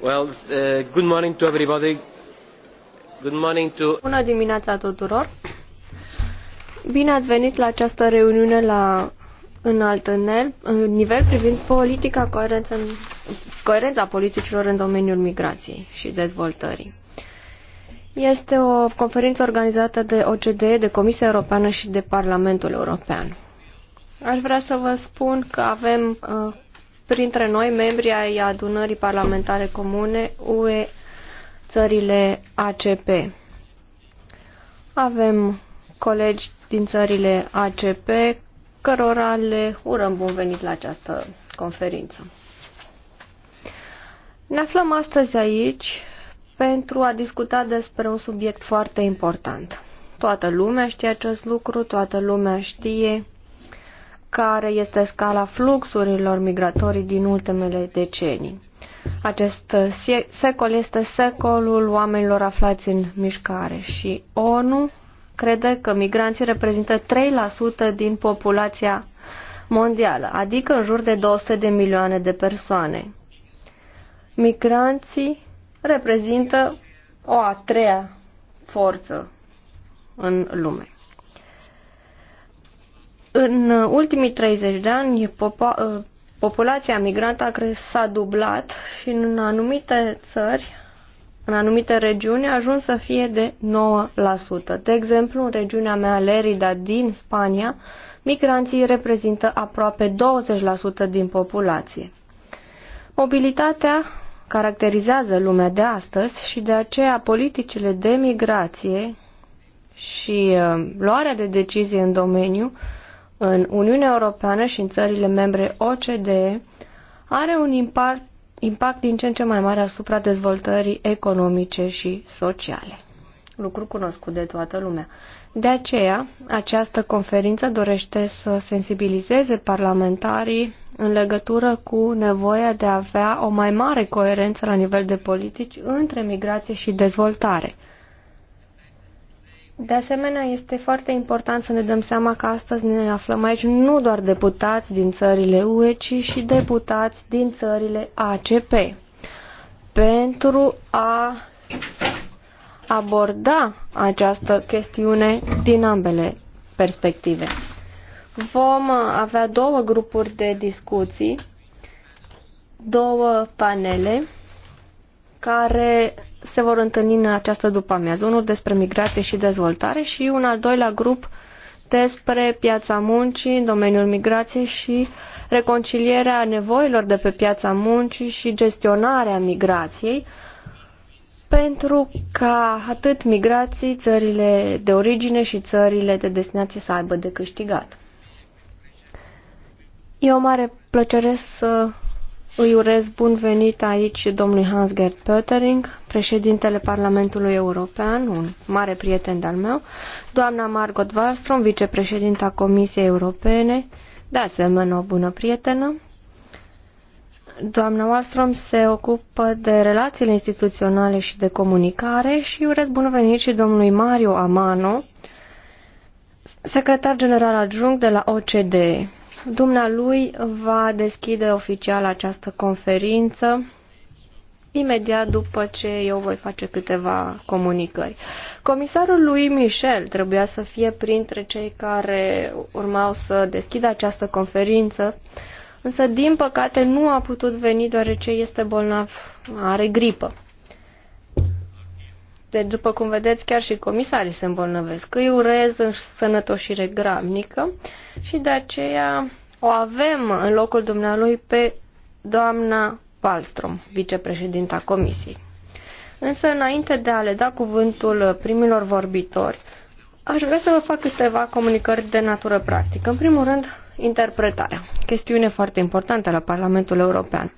Uh, Bună dimineața tuturor. Bine ați venit la această reuniune la înalt nivel privind politica coerență, coerența politicilor în domeniul migrației și dezvoltării. Este o conferință organizată de OCDE, de Comisia Europeană și de Parlamentul European. Aș vrea să vă spun că avem uh, printre noi membri ai adunării parlamentare comune UE țările ACP. Avem colegi din țările ACP cărora le urăm bun venit la această conferință. Ne aflăm astăzi aici pentru a discuta despre un subiect foarte important. Toată lumea știe acest lucru, toată lumea știe care este scala fluxurilor migratorii din ultimele decenii. Acest secol este secolul oamenilor aflați în mișcare și ONU crede că migranții reprezintă 3% din populația mondială, adică în jur de 200 de milioane de persoane. Migranții reprezintă o a treia forță în lume. În uh, ultimii 30 de ani, uh, populația migrantă s-a dublat și în anumite țări, în anumite regiuni, a ajuns să fie de 9%. De exemplu, în regiunea mea, Lerida, din Spania, migranții reprezintă aproape 20% din populație. Mobilitatea caracterizează lumea de astăzi și de aceea politicile de migrație și uh, luarea de decizie în domeniu în Uniunea Europeană și în țările membre OCDE are un impact, impact din ce în ce mai mare asupra dezvoltării economice și sociale. Lucru cunoscut de toată lumea. De aceea, această conferință dorește să sensibilizeze parlamentarii în legătură cu nevoia de a avea o mai mare coerență la nivel de politici între migrație și dezvoltare. De asemenea, este foarte important să ne dăm seama că astăzi ne aflăm aici nu doar deputați din țările UE, ci și deputați din țările ACP pentru a aborda această chestiune din ambele perspective. Vom avea două grupuri de discuții, două panele care se vor întâlni în această după-amiază. Unul despre migrație și dezvoltare și un al doilea grup despre piața muncii în domeniul migrației și reconcilierea nevoilor de pe piața muncii și gestionarea migrației pentru ca atât migrații, țările de origine și țările de destinație să aibă de câștigat. E o mare plăcere să îi urez bun venit aici domnului Hans-Gerd Pöttering, președintele Parlamentului European, un mare prieten de-al meu, doamna Margot Wallström, vicepreședinta Comisiei Europene, de asemenea o bună prietenă. Doamna Wallström se ocupă de relațiile instituționale și de comunicare și urez bun venit și domnului Mario Amano, secretar general adjunct de la OCDE. Dumnealui va deschide oficial această conferință imediat după ce eu voi face câteva comunicări. Comisarul lui Michel trebuia să fie printre cei care urmau să deschidă această conferință, însă din păcate nu a putut veni deoarece este bolnav, are gripă. Deci, după cum vedeți, chiar și comisarii se îmbolnăvesc. Îi urez sănătoșire gramnică și de aceea o avem în locul dumnealui pe doamna Palstrom, vicepreședinta comisiei. Însă, înainte de a le da cuvântul primilor vorbitori, aș vrea să vă fac câteva comunicări de natură practică. În primul rând, interpretarea. Chestiune foarte importantă la Parlamentul European.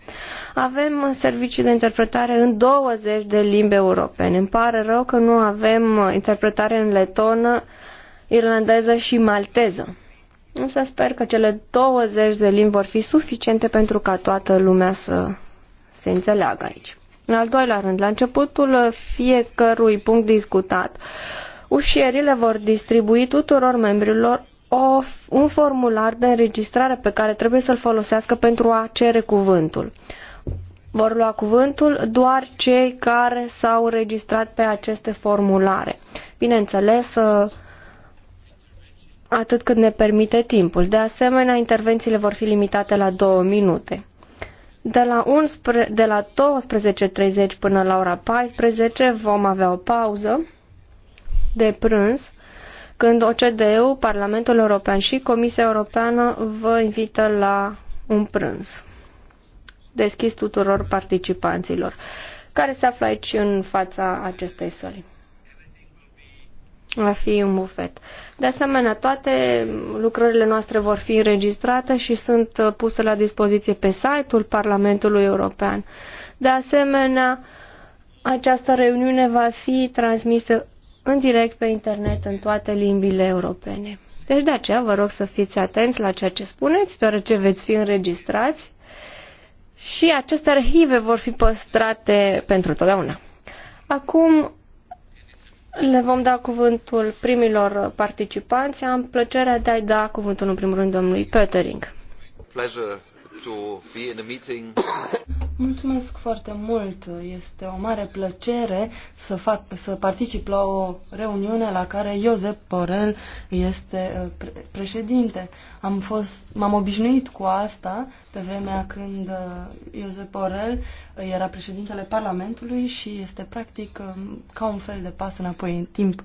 Avem servicii de interpretare în 20 de limbi europene. Îmi pare rău că nu avem interpretare în letonă, irlandeză și malteză. Însă sper că cele 20 de limbi vor fi suficiente pentru ca toată lumea să se înțeleagă aici. În al doilea rând, la începutul fiecărui punct discutat, ușierile vor distribui tuturor membrilor o, un formular de înregistrare pe care trebuie să-l folosească pentru a cere cuvântul. Vor lua cuvântul doar cei care s-au registrat pe aceste formulare. Bineînțeles, ă, atât cât ne permite timpul. De asemenea, intervențiile vor fi limitate la două minute. De la, 11, de la 12.30 până la ora 14 vom avea o pauză de prânz când OCDE-ul, Parlamentul European și Comisia Europeană vă invită la un prânz deschis tuturor participanților care se află aici în fața acestei săli. Va fi un bufet. De asemenea, toate lucrările noastre vor fi înregistrate și sunt puse la dispoziție pe site-ul Parlamentului European. De asemenea, această reuniune va fi transmisă în direct pe internet în toate limbile europene. Deci de aceea vă rog să fiți atenți la ceea ce spuneți, deoarece veți fi înregistrați și aceste arhive vor fi păstrate pentru totdeauna. Acum le vom da cuvântul primilor participanți. Am plăcerea de a-i da cuvântul în primul rând domnului Petering. Mulțumesc foarte mult. Este o mare plăcere să, fac, să particip la o reuniune la care Iosep Porel este uh, președinte. Am fost, m-am obișnuit cu asta pe vremea când Iosep uh, Porel uh, era președintele Parlamentului și este practic um, ca un fel de pas înapoi în timp.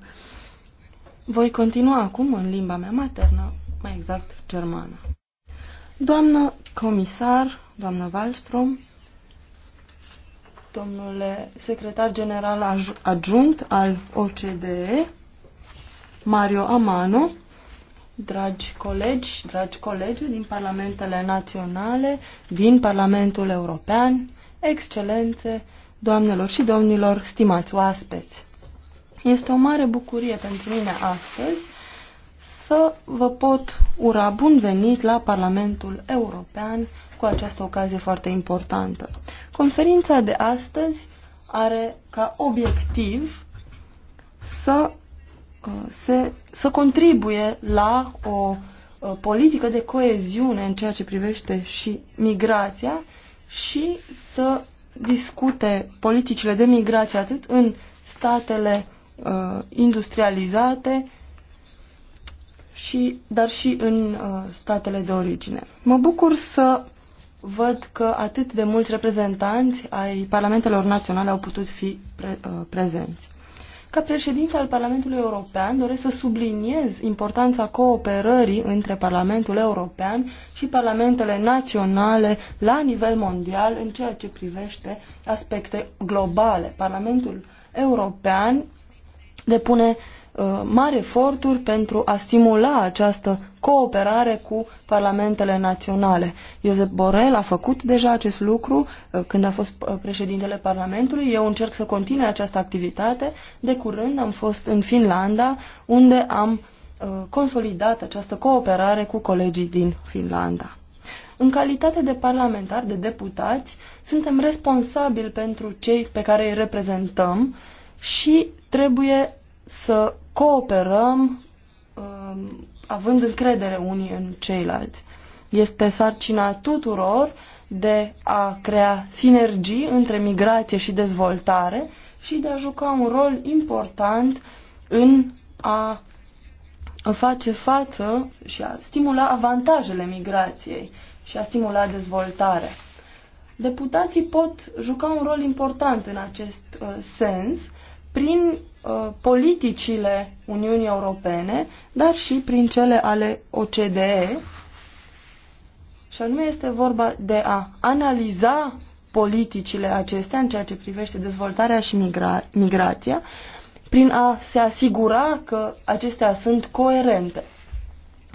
Voi continua acum în limba mea maternă, mai exact germană. Doamnă comisar, doamnă Wallström, domnule secretar general adjunct al OCDE, Mario Amano, dragi colegi, dragi colegi din parlamentele naționale, din Parlamentul European, excelențe, doamnelor și domnilor, stimați oaspeți. Este o mare bucurie pentru mine astăzi să vă pot ura bun venit la Parlamentul European cu această ocazie foarte importantă. Conferința de astăzi are ca obiectiv să, uh, se, să contribuie la o uh, politică de coeziune în ceea ce privește și migrația și să discute politicile de migrație atât în statele uh, industrializate, și, dar și în uh, statele de origine. Mă bucur să văd că atât de mulți reprezentanți ai parlamentelor naționale au putut fi pre, uh, prezenți. Ca președinte al Parlamentului European doresc să subliniez importanța cooperării între Parlamentul European și parlamentele naționale la nivel mondial în ceea ce privește aspecte globale. Parlamentul European depune uh, Uh, mari eforturi pentru a stimula această cooperare cu parlamentele naționale. Iosep Borel a făcut deja acest lucru uh, când a fost uh, președintele Parlamentului. Eu încerc să continue această activitate. De curând am fost în Finlanda, unde am consolidat această cooperare cu colegii din Finlanda. În calitate de parlamentar, de deputați, suntem responsabili pentru cei pe care îi reprezentăm și trebuie să cooperăm um, având încredere unii în ceilalți. Este sarcina tuturor de a crea sinergii între migrație și dezvoltare și de a juca un rol important în a face față și a stimula avantajele migrației și a stimula dezvoltarea. Deputații pot juca un rol important în acest uh, sens prin Uh, politicile Uniunii Europene, dar și prin cele ale OCDE. Și anume este vorba de a analiza politicile acestea în ceea ce privește dezvoltarea și migra migrația, prin a se asigura că acestea sunt coerente.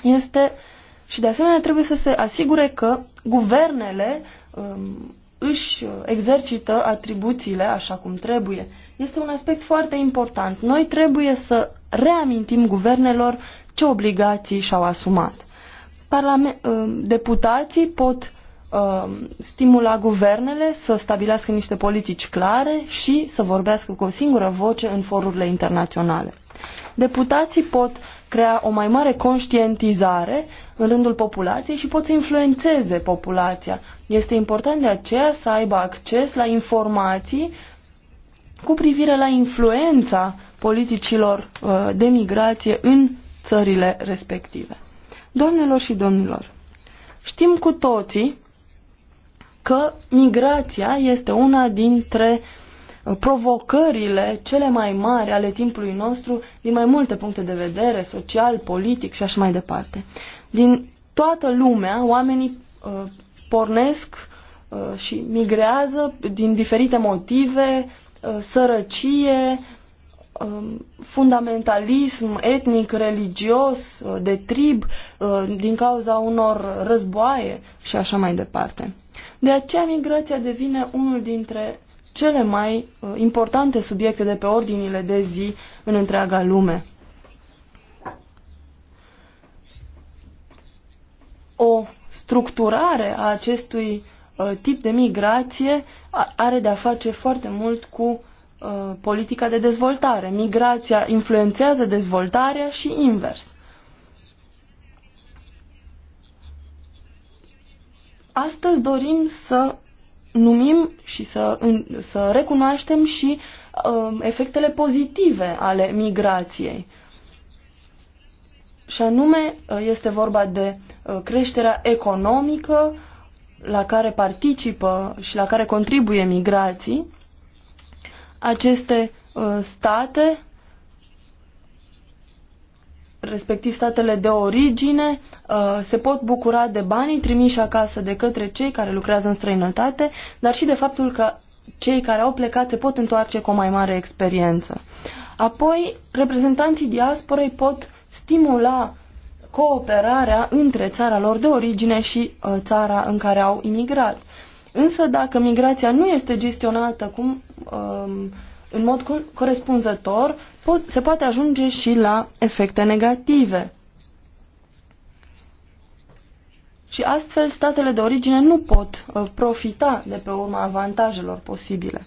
Este și de asemenea trebuie să se asigure că guvernele um, își exercită atribuțiile așa cum trebuie este un aspect foarte important. Noi trebuie să reamintim guvernelor ce obligații și-au asumat. Parlament, ă, deputații pot ă, stimula guvernele să stabilească niște politici clare și să vorbească cu o singură voce în forurile internaționale. Deputații pot crea o mai mare conștientizare în rândul populației și pot să influențeze populația. Este important de aceea să aibă acces la informații cu privire la influența politicilor uh, de migrație în țările respective. Doamnelor și domnilor, știm cu toții că migrația este una dintre uh, provocările cele mai mari ale timpului nostru din mai multe puncte de vedere, social, politic și așa mai departe. Din toată lumea, oamenii uh, pornesc Uh, și migrează din diferite motive, uh, sărăcie, um, fundamentalism etnic, religios, uh, de trib, din cauza unor războaie și așa mai departe. De aceea migrația devine unul dintre cele mai importante subiecte de pe ordinile de zi în întreaga lume. O structurare a acestui Uh, tip de migrație are de-a face foarte mult cu uh, politica de dezvoltare. Migrația influențează dezvoltarea și invers. Astăzi dorim să numim și să, în, să recunoaștem și uh, efectele pozitive ale migrației. Și anume uh, este vorba de uh, creșterea economică, uh, la care participă și la care contribuie migrații, aceste uh, state, respectiv statele de origine, uh, se pot bucura de banii trimiși acasă de către cei care lucrează în străinătate, dar și de faptul că cei care au plecat se pot întoarce cu o mai mare experiență. Apoi, reprezentanții diasporei pot stimula cooperarea între țara lor de origine și uh, țara în care au imigrat. Însă dacă migrația nu este gestionată cum, um, în mod corespunzător, pot, se poate ajunge și la efecte negative. Și astfel statele de origine nu pot uh, profita de pe urma avantajelor posibile.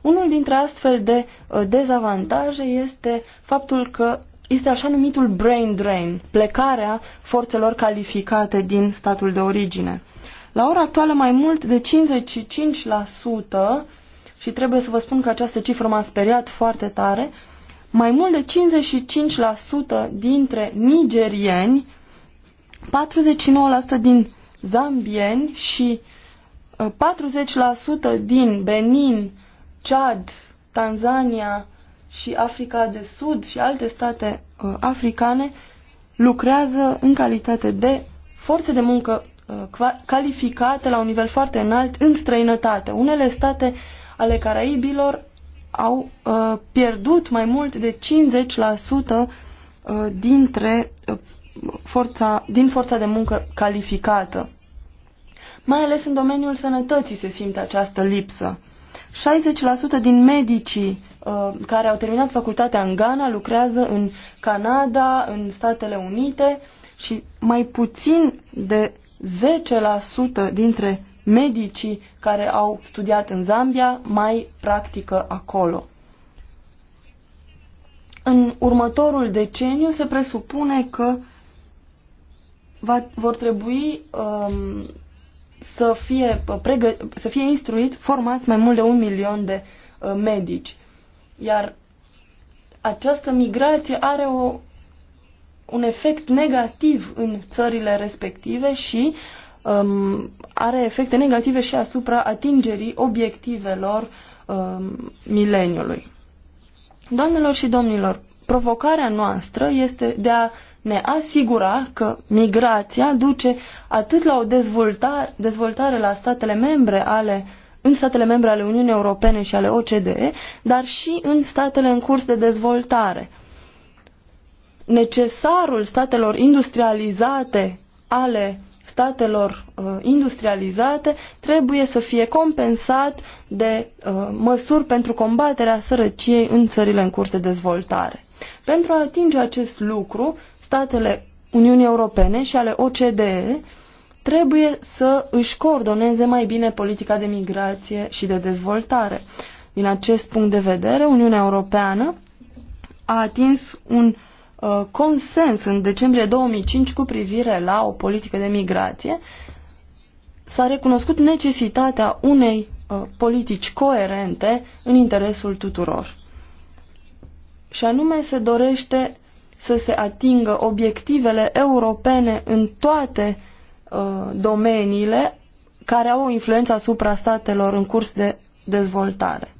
Unul dintre astfel de uh, dezavantaje este faptul că este așa numitul brain drain, plecarea forțelor calificate din statul de origine. La ora actuală, mai mult de 55%, și trebuie să vă spun că această cifră m-a speriat foarte tare, mai mult de 55% dintre nigerieni, 49% din zambieni și 40% uh, din Benin, Chad, Tanzania, și Africa de Sud și alte state uh, africane lucrează în calitate de forțe de muncă uh, calificate la un nivel foarte înalt în străinătate. Unele state ale Caraibilor au uh, pierdut mai mult de 50% uh, dintre uh, forța, din forța de muncă calificată. Mai ales în domeniul sănătății se simte această lipsă. 60% din medicii uh, care au terminat facultatea în Ghana lucrează în Canada, în Statele Unite și mai puțin de 10% dintre medicii care au studiat în Zambia mai practică acolo. În următorul deceniu se presupune că va, vor trebui um, să fie, uh, pregă- să fie instruit, formați mai mult de un milion de uh, medici. Iar această migrație are o, un efect negativ în țările respective și um, are efecte negative și asupra atingerii obiectivelor um, mileniului. Doamnelor și domnilor, provocarea noastră este de a ne asigura că migrația duce atât la o dezvoltare, dezvoltare la statele membre ale în statele membre ale Uniunii Europene și ale OCDE, dar și în statele în curs de dezvoltare. Necesarul statelor industrializate ale statelor uh, industrializate trebuie să fie compensat de uh, măsuri pentru combaterea sărăciei în țările în curs de dezvoltare. Pentru a atinge acest lucru, statele Uniunii Europene și ale OCDE trebuie să își coordoneze mai bine politica de migrație și de dezvoltare. Din acest punct de vedere, Uniunea Europeană a atins un uh, consens în decembrie 2005 cu privire la o politică de migrație. S-a recunoscut necesitatea unei uh, politici coerente în interesul tuturor. Și anume se dorește să se atingă obiectivele europene în toate uh, domeniile care au o influență asupra statelor în curs de dezvoltare.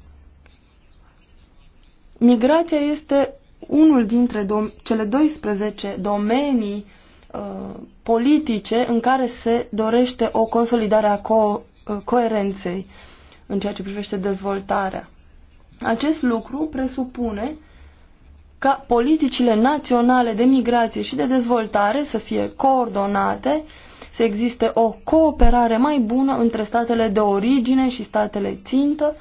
Migrația este unul dintre dom- cele 12 domenii uh, politice în care se dorește o consolidare a co- uh, coerenței în ceea ce privește dezvoltarea. Acest lucru presupune uh, ca politicile naționale de migrație și de dezvoltare să fie coordonate, să existe o cooperare mai bună între statele de origine și statele țintă,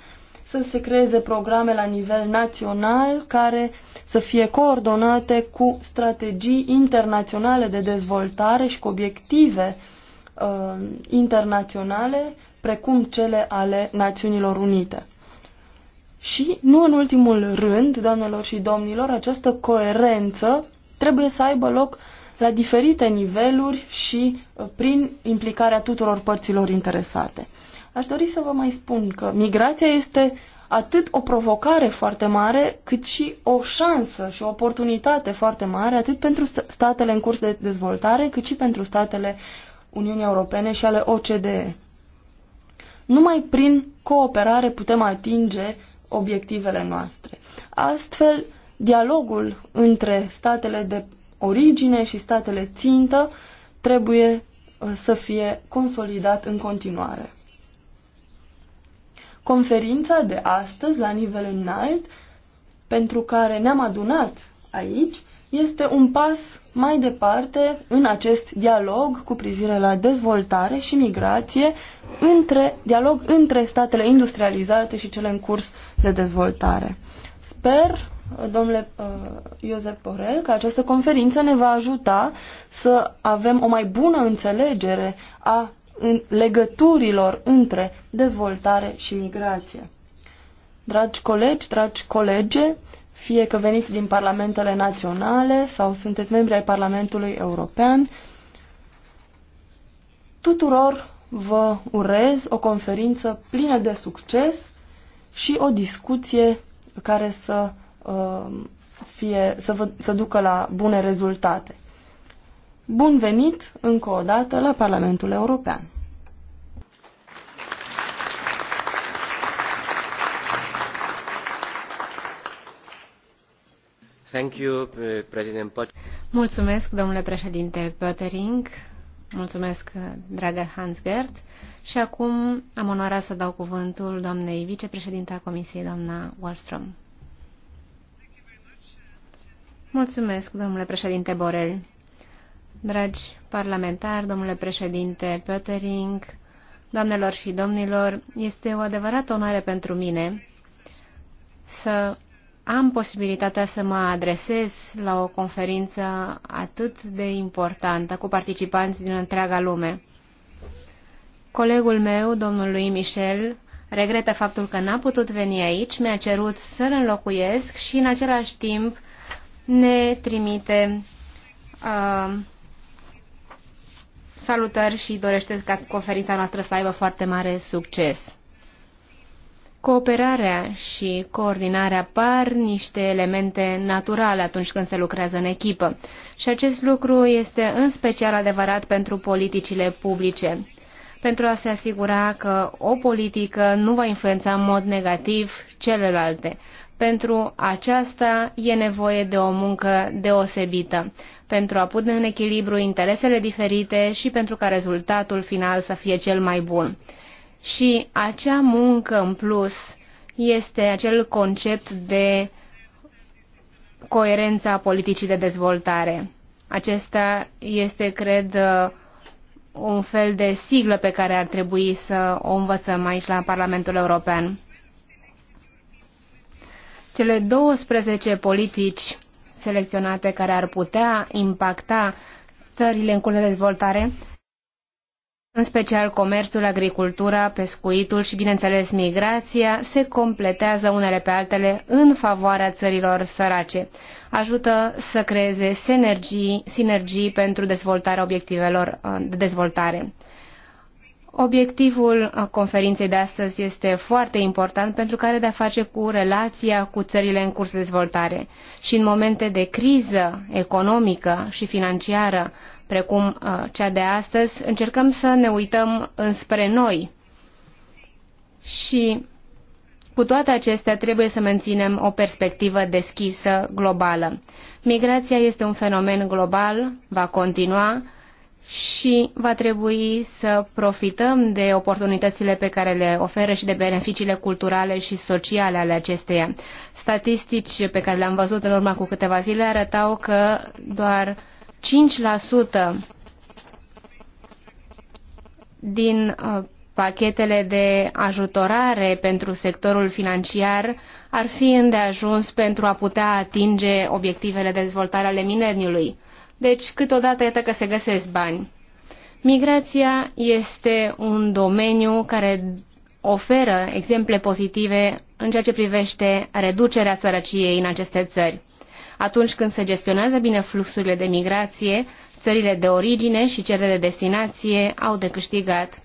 să se creeze programe la nivel național care să fie coordonate cu strategii internaționale de dezvoltare și cu obiective uh, internaționale, precum cele ale Națiunilor Unite. Și, nu în ultimul rând, doamnelor și domnilor, această coerență trebuie să aibă loc la diferite niveluri și uh, prin implicarea tuturor părților interesate. Aș dori să vă mai spun că migrația este atât o provocare foarte mare, cât și o șansă și o oportunitate foarte mare, atât pentru statele în curs de dezvoltare, cât și pentru statele Uniunii Europene și ale OCDE. Numai prin cooperare putem atinge obiectivele noastre. Astfel, dialogul între statele de origine și statele țintă trebuie uh, să fie consolidat în continuare. Conferința de astăzi, la nivel înalt, pentru care ne-am adunat aici, este un pas mai departe în acest dialog cu privire la dezvoltare și migrație, între, dialog între statele industrializate și cele în curs de dezvoltare. Sper, domnule uh, Iosef Porel, că această conferință ne va ajuta să avem o mai bună înțelegere a în legăturilor între dezvoltare și migrație. Dragi colegi, dragi colege, fie că veniți din parlamentele naționale sau sunteți membri ai Parlamentului European. Tuturor vă urez o conferință plină de succes și o discuție care să, uh, fie, să, vă, să ducă la bune rezultate. Bun venit încă o dată la Parlamentul European! Uh, Mulțumesc, domnule președinte Pöttering. Mulțumesc, uh, dragă Hans Gert. Și acum am onoarea să dau cuvântul doamnei vicepreședinta Comisiei, doamna Wallström. Mulțumesc, domnule președinte Borel. Dragi parlamentari, domnule președinte Pöttering, doamnelor și domnilor, este o adevărată onoare pentru mine să am posibilitatea să mă adresez la o conferință atât de importantă cu participanți din întreaga lume. Colegul meu, domnul lui Michel, regretă faptul că n-a putut veni aici, mi-a cerut să-l înlocuiesc și în același timp ne trimite uh, salutări și dorește ca conferința noastră să aibă foarte mare succes. Cooperarea și coordinarea par niște elemente naturale atunci când se lucrează în echipă și acest lucru este în special adevărat pentru politicile publice, pentru a se asigura că o politică nu va influența în mod negativ celelalte. Pentru aceasta e nevoie de o muncă deosebită, pentru a pune în echilibru interesele diferite și pentru ca rezultatul final să fie cel mai bun. Și acea muncă în plus este acel concept de coerența politicii de dezvoltare. Acesta este, cred, uh, un fel de siglă pe care ar trebui să o învățăm aici la Parlamentul European. Cele 12 politici selecționate care ar putea impacta țările în curs de dezvoltare în special comerțul, agricultura, pescuitul și, bineînțeles, migrația, se completează unele pe altele în favoarea țărilor sărace. Ajută să creeze sinergii, sinergii pentru dezvoltarea obiectivelor uh, de dezvoltare. Obiectivul uh, conferinței de astăzi este foarte important pentru că are de-a face cu relația cu țările în curs de dezvoltare. Și în momente de criză economică și financiară, precum uh, cea de astăzi, încercăm să ne uităm înspre noi. Și cu toate acestea trebuie să menținem o perspectivă deschisă globală. Migrația este un fenomen global, va continua și va trebui să profităm de oportunitățile pe care le oferă și de beneficiile culturale și sociale ale acesteia. Statistici pe care le-am văzut în urma cu câteva zile arătau că doar 5% din uh, pachetele de ajutorare pentru sectorul financiar ar fi îndeajuns pentru a putea atinge obiectivele de dezvoltare ale mileniului. Deci, câteodată, iată că se găsesc bani. Migrația este un domeniu care oferă exemple pozitive în ceea ce privește reducerea sărăciei în aceste țări atunci când se gestionează bine fluxurile de migrație, țările de origine și cele de destinație au de câștigat.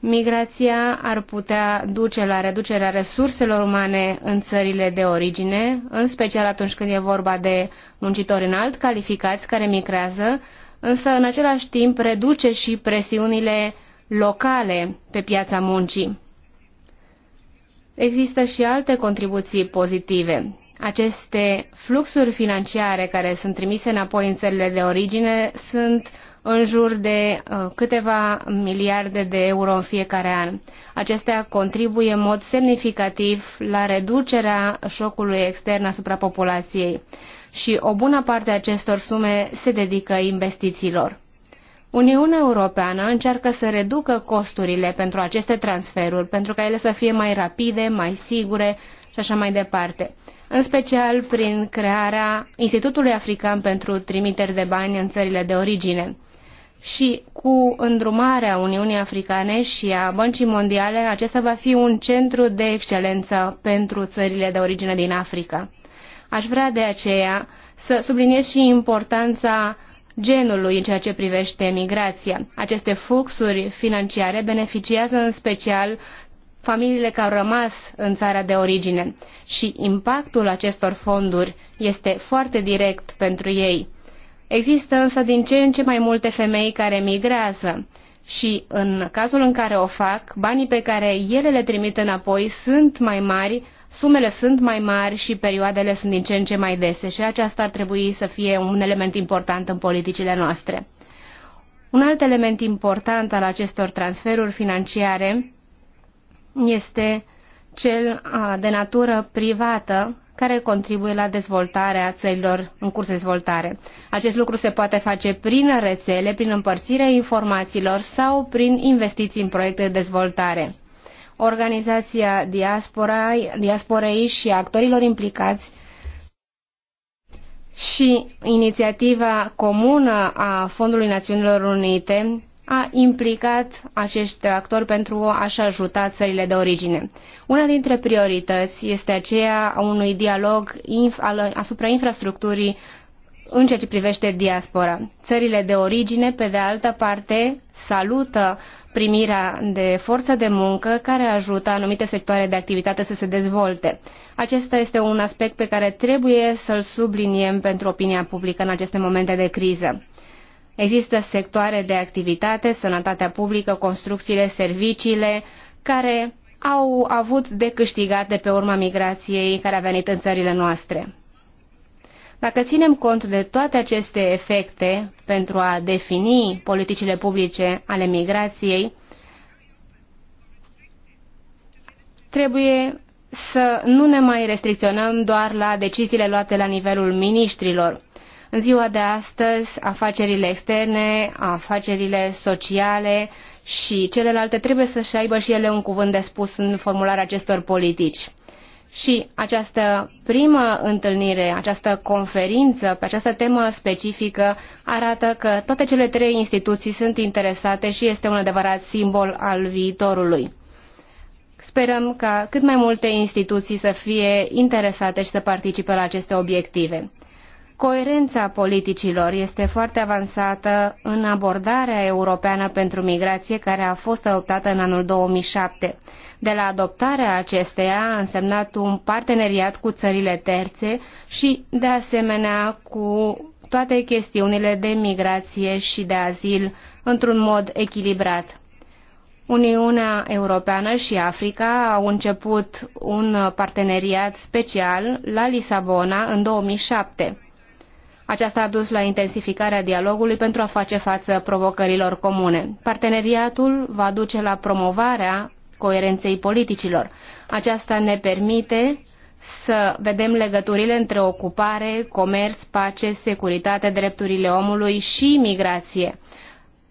Migrația ar putea duce la reducerea resurselor umane în țările de origine, în special atunci când e vorba de muncitori înalt calificați care migrează, însă în același timp reduce și presiunile locale pe piața muncii. Există și alte contribuții pozitive. Aceste fluxuri financiare care sunt trimise înapoi în țările de origine sunt în jur de uh, câteva miliarde de euro în fiecare an. Acestea contribuie în mod semnificativ la reducerea șocului extern asupra populației și o bună parte a acestor sume se dedică investițiilor. Uniunea Europeană încearcă să reducă costurile pentru aceste transferuri, pentru ca ele să fie mai rapide, mai sigure și așa mai departe în special prin crearea Institutului African pentru trimiteri de bani în țările de origine. Și cu îndrumarea Uniunii Africane și a Băncii Mondiale, acesta va fi un centru de excelență pentru țările de origine din Africa. Aș vrea de aceea să subliniez și importanța genului în ceea ce privește migrația. Aceste fluxuri financiare beneficiază în special familiile care au rămas în țara de origine și impactul acestor fonduri este foarte direct pentru ei. Există însă din ce în ce mai multe femei care migrează și în cazul în care o fac, banii pe care ele le trimit înapoi sunt mai mari sumele sunt mai mari și perioadele sunt din ce în ce mai dese și aceasta ar trebui să fie un element important în politicile noastre. Un alt element important al acestor transferuri financiare este cel de natură privată care contribuie la dezvoltarea țărilor în curs de dezvoltare. Acest lucru se poate face prin rețele, prin împărțirea informațiilor sau prin investiții în proiecte de dezvoltare organizația diaspora, diasporei și actorilor implicați și inițiativa comună a Fondului Națiunilor Unite a implicat acești actori pentru a-și ajuta țările de origine. Una dintre priorități este aceea a unui dialog asupra infrastructurii în ceea ce privește diaspora. Țările de origine, pe de altă parte, salută primirea de forță de muncă care ajută anumite sectoare de activitate să se dezvolte. Acesta este un aspect pe care trebuie să-l subliniem pentru opinia publică în aceste momente de criză. Există sectoare de activitate, sănătatea publică, construcțiile, serviciile, care au avut de câștigat de pe urma migrației care a venit în țările noastre. Dacă ținem cont de toate aceste efecte pentru a defini politicile publice ale migrației, trebuie să nu ne mai restricționăm doar la deciziile luate la nivelul miniștrilor. În ziua de astăzi, afacerile externe, afacerile sociale și celelalte trebuie să-și aibă și ele un cuvânt de spus în formularea acestor politici. Și această primă întâlnire, această conferință pe această temă specifică arată că toate cele trei instituții sunt interesate și este un adevărat simbol al viitorului. Sperăm ca cât mai multe instituții să fie interesate și să participe la aceste obiective. Coerența politicilor este foarte avansată în abordarea europeană pentru migrație care a fost adoptată în anul 2007 de la adoptarea acesteia a însemnat un parteneriat cu țările terțe și, de asemenea, cu toate chestiunile de migrație și de azil într-un mod echilibrat. Uniunea Europeană și Africa au început un parteneriat special la Lisabona în 2007. Aceasta a dus la intensificarea dialogului pentru a face față provocărilor comune. Parteneriatul va duce la promovarea coerenței politicilor. Aceasta ne permite să vedem legăturile între ocupare, comerț, pace, securitate, drepturile omului și migrație.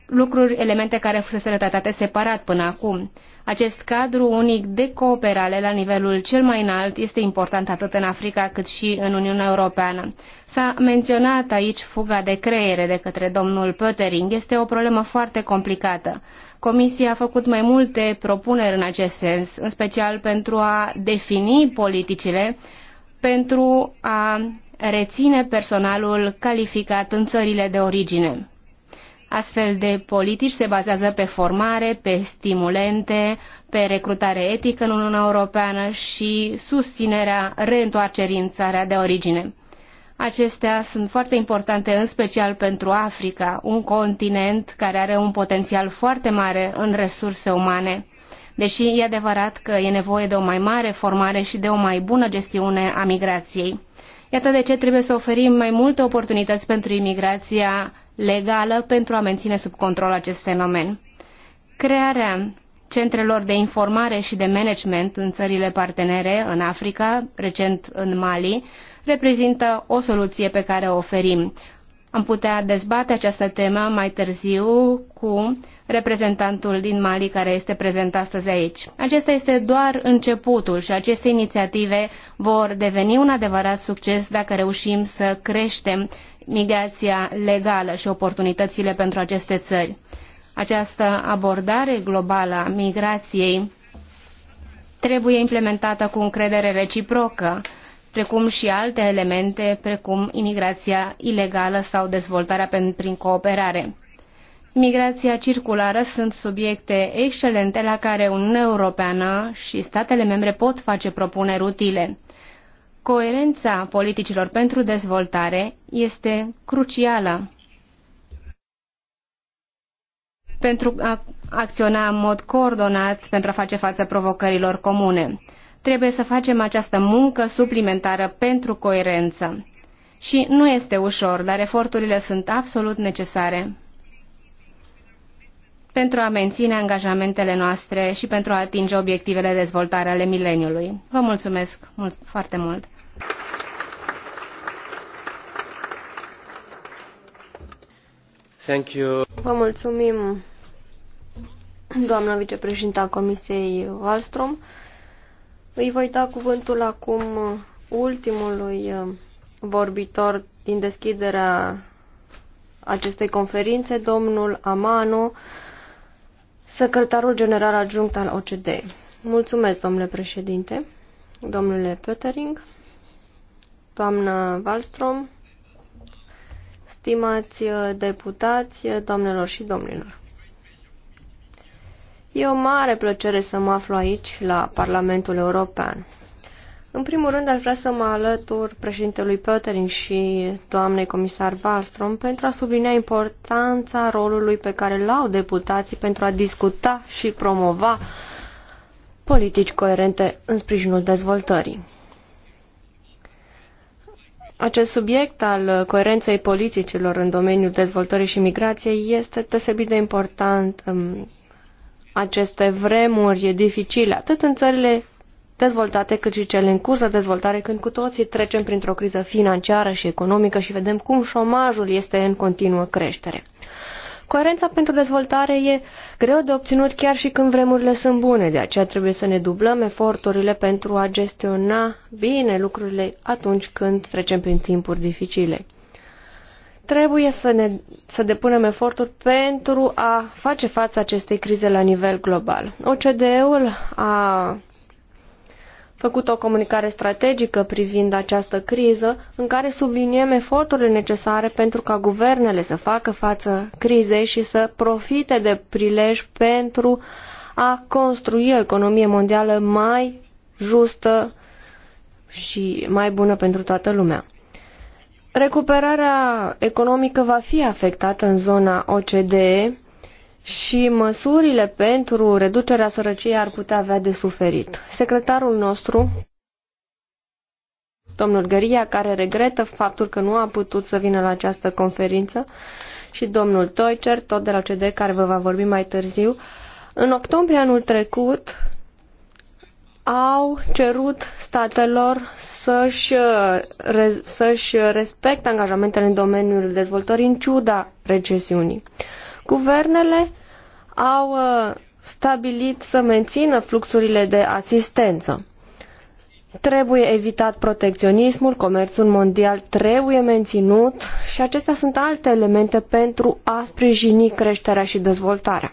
Lucruri, elemente care fusese tratate separat până acum. Acest cadru unic de cooperare la nivelul cel mai înalt este important atât în Africa cât și în Uniunea Europeană. S-a menționat aici fuga de creiere de către domnul Pöttering. Este o problemă foarte complicată. Comisia a făcut mai multe propuneri în acest sens, în special pentru a defini politicile, pentru a reține personalul calificat în țările de origine. Astfel de politici se bazează pe formare, pe stimulente, pe recrutare etică în Uniunea Europeană și susținerea reîntoarcerii în țara de origine. Acestea sunt foarte importante, în special pentru Africa, un continent care are un potențial foarte mare în resurse umane. Deși e adevărat că e nevoie de o mai mare formare și de o mai bună gestiune a migrației. Iată de ce trebuie să oferim mai multe oportunități pentru imigrația legală pentru a menține sub control acest fenomen. Crearea centrelor de informare și de management în țările partenere, în Africa, recent în Mali, reprezintă o soluție pe care o oferim. Am putea dezbate această temă mai târziu cu reprezentantul din Mali care este prezent astăzi aici. Acesta este doar începutul și aceste inițiative vor deveni un adevărat succes dacă reușim să creștem migrația legală și oportunitățile pentru aceste țări. Această abordare globală a migrației trebuie implementată cu încredere reciprocă, precum și alte elemente, precum imigrația ilegală sau dezvoltarea prin cooperare. Migrația circulară sunt subiecte excelente la care Uniunea Europeană și statele membre pot face propuneri utile coerența politicilor pentru dezvoltare este crucială pentru a acționa în mod coordonat pentru a face față provocărilor comune. Trebuie să facem această muncă suplimentară pentru coerență. Și nu este ușor, dar eforturile sunt absolut necesare pentru a menține angajamentele noastre și pentru a atinge obiectivele de dezvoltare ale mileniului. Vă mulțumesc mulț foarte mult! Vă mulțumim, doamna vicepreședinta a Comisiei Wallström. Îi voi da cuvântul acum ultimului uh, vorbitor din deschiderea acestei conferințe, domnul Amano, secretarul general adjunct al OCD. Mulțumesc, domnule președinte, domnule Pöttering, doamnă Wallström, stimați uh, deputați, uh, domnilor și domnilor. E o mare plăcere să mă aflu aici, la Parlamentul European. În primul rând, aș vrea să mă alătur președintelui Pötering și doamnei comisar Wallström pentru a sublinia importanța rolului pe care îl au deputații pentru a discuta și promova politici coerente în sprijinul dezvoltării. Acest subiect al coerenței politicilor în domeniul dezvoltării și migrației este deosebit de important în aceste vremuri dificile, atât în țările dezvoltate cât și cele în curs de dezvoltare, când cu toții trecem printr-o criză financiară și economică și vedem cum șomajul este în continuă creștere. Coerența pentru dezvoltare e greu de obținut chiar și când vremurile sunt bune, de aceea trebuie să ne dublăm eforturile pentru a gestiona bine lucrurile atunci când trecem prin timpuri dificile. Trebuie să, ne, să depunem eforturi pentru a face față acestei crize la nivel global. OCDE-ul a făcut o comunicare strategică privind această criză, în care subliniem eforturile necesare pentru ca guvernele să facă față crizei și să profite de prilej pentru a construi o economie mondială mai justă și mai bună pentru toată lumea. Recuperarea economică va fi afectată în zona OCDE și măsurile pentru reducerea sărăciei ar putea avea de suferit. Secretarul nostru, domnul Găria, care regretă faptul că nu a putut să vină la această conferință, și domnul Toicer, tot de la CD, care vă va vorbi mai târziu, în octombrie anul trecut au cerut statelor să-și, să respecte angajamentele în domeniul dezvoltării în ciuda recesiunii guvernele au uh, stabilit să mențină fluxurile de asistență. Trebuie evitat protecționismul, comerțul mondial trebuie menținut și acestea sunt alte elemente pentru a sprijini creșterea și dezvoltarea.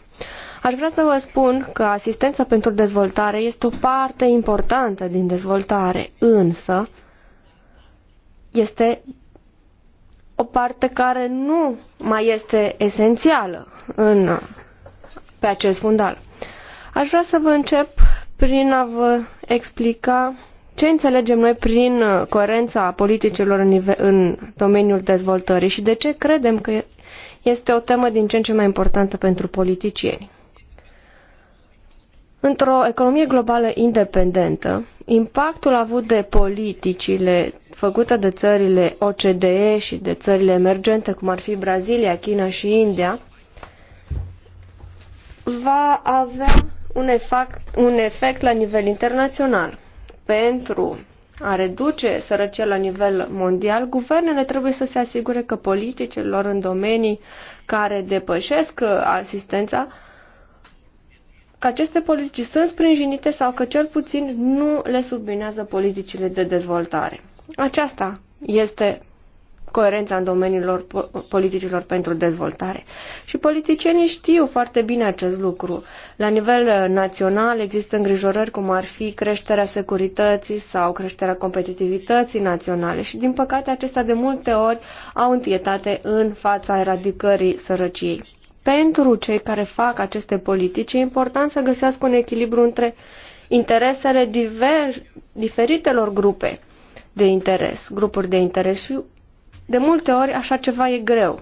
Aș vrea să vă spun că asistența pentru dezvoltare este o parte importantă din dezvoltare, însă este o parte care nu mai este esențială în, pe acest fundal. Aș vrea să vă încep prin a vă explica ce înțelegem noi prin uh, coerența politicilor în, nivel, în domeniul dezvoltării și de ce credem că este o temă din ce în ce mai importantă pentru politicieni. Într-o economie globală independentă, impactul avut de politicile făcută de țările OCDE și de țările emergente, cum ar fi Brazilia, China și India, va avea un efect, un efect la nivel internațional. Pentru a reduce sărăcia la nivel mondial, guvernele trebuie să se asigure că politicile lor în domenii care depășesc uh, asistența, că aceste politici sunt sprijinite sau că cel puțin nu le subminează politicile de dezvoltare. Aceasta este coerența în po- politicilor pentru dezvoltare. Și politicienii știu foarte bine acest lucru. La nivel uh, național există îngrijorări cum ar fi creșterea securității sau creșterea competitivității naționale și din păcate acestea de multe ori au întietate în fața eradicării sărăciei. Pentru cei care fac aceste politici e important să găsească un echilibru între interesele diver, diferitelor grupe de interes, grupuri de interes și de multe ori așa ceva e greu.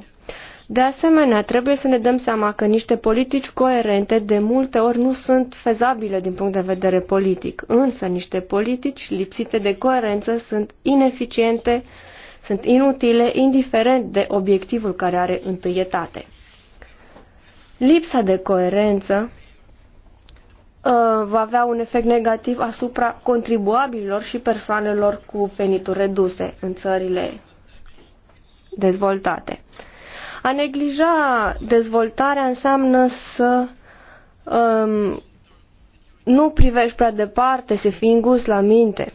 De asemenea, trebuie să ne dăm seama că niște politici coerente de multe ori nu sunt fezabile din punct de vedere politic, însă niște politici lipsite de coerență sunt ineficiente, sunt inutile, indiferent de obiectivul care are întâietate. Lipsa de coerență Uh, va avea un efect negativ asupra contribuabililor și persoanelor cu venituri reduse în țările dezvoltate. A neglija dezvoltarea înseamnă să um, nu privești prea departe, să fii îngust la minte.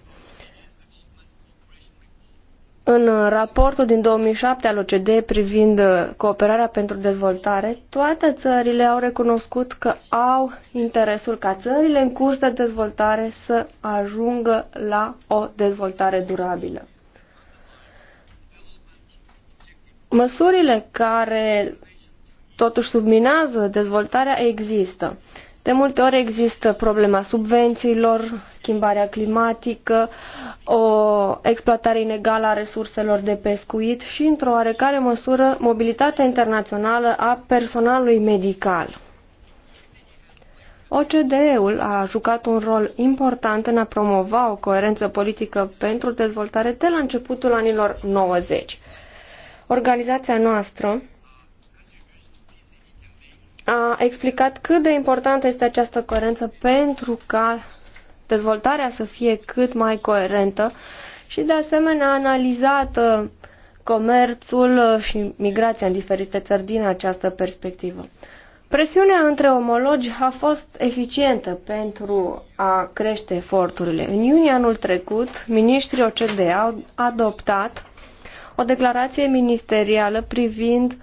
În raportul din 2007 al OCDE privind uh, cooperarea pentru dezvoltare, toate țările au recunoscut că au interesul ca țările în curs de dezvoltare să ajungă la o dezvoltare durabilă. Măsurile care totuși subminează dezvoltarea există. De multe ori există problema subvențiilor, schimbarea climatică, o exploatare inegală a resurselor de pescuit și, într-o oarecare măsură, mobilitatea internațională a personalului medical. OCDE-ul a jucat un rol important în a promova o coerență politică pentru dezvoltare de la începutul anilor 90. Organizația noastră a explicat cât de importantă este această coerență pentru ca dezvoltarea să fie cât mai coerentă și de asemenea a analizat uh, comerțul uh, și migrația în diferite țări din această perspectivă. Presiunea între omologi a fost eficientă pentru a crește eforturile. În iunie anul trecut, ministrii OCDE au adoptat o declarație ministerială privind uh,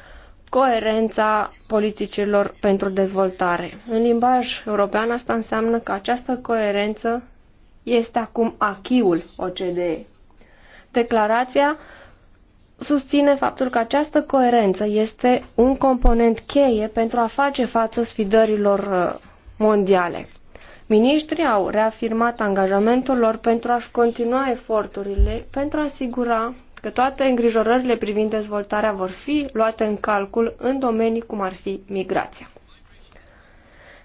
coerența politicilor pentru dezvoltare. În limbaj european asta înseamnă că această coerență este acum achiul OCDE. Declarația susține faptul că această coerență este un component cheie pentru a face față sfidărilor uh, mondiale. Ministrii au reafirmat angajamentul lor pentru a-și continua eforturile pentru a asigura că toate îngrijorările privind dezvoltarea vor fi luate în calcul în domenii cum ar fi migrația.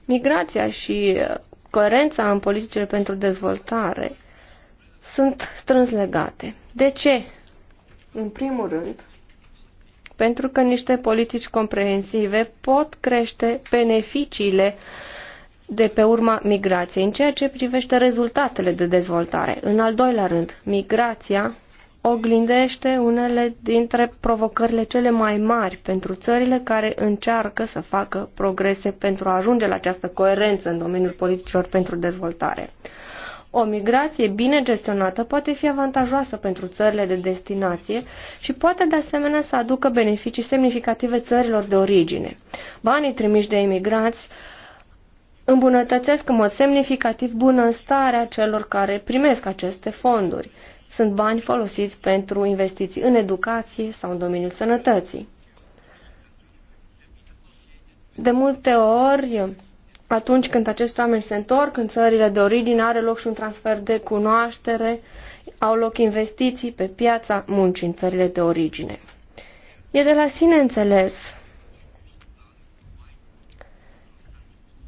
Migrația și uh, coerența în politicile pentru dezvoltare sunt strâns legate. De ce? În primul rând, pentru că niște politici comprehensive pot crește beneficiile de pe urma migrației în ceea ce privește rezultatele de dezvoltare. În al doilea rând, migrația oglindește unele dintre provocările cele mai mari pentru țările care încearcă să facă progrese pentru a ajunge la această coerență în domeniul politicilor pentru dezvoltare. O migrație bine gestionată poate fi avantajoasă pentru țările de destinație și poate de asemenea să aducă beneficii semnificative țărilor de origine. Banii trimiși de imigranți îmbunătățesc în mod semnificativ bunăstarea celor care primesc aceste fonduri sunt bani folosiți pentru investiții în educație sau în domeniul sănătății. De multe ori, atunci când acești oameni se întorc în țările de origine, are loc și un transfer de cunoaștere, au loc investiții pe piața muncii în țările de origine. E de la sine înțeles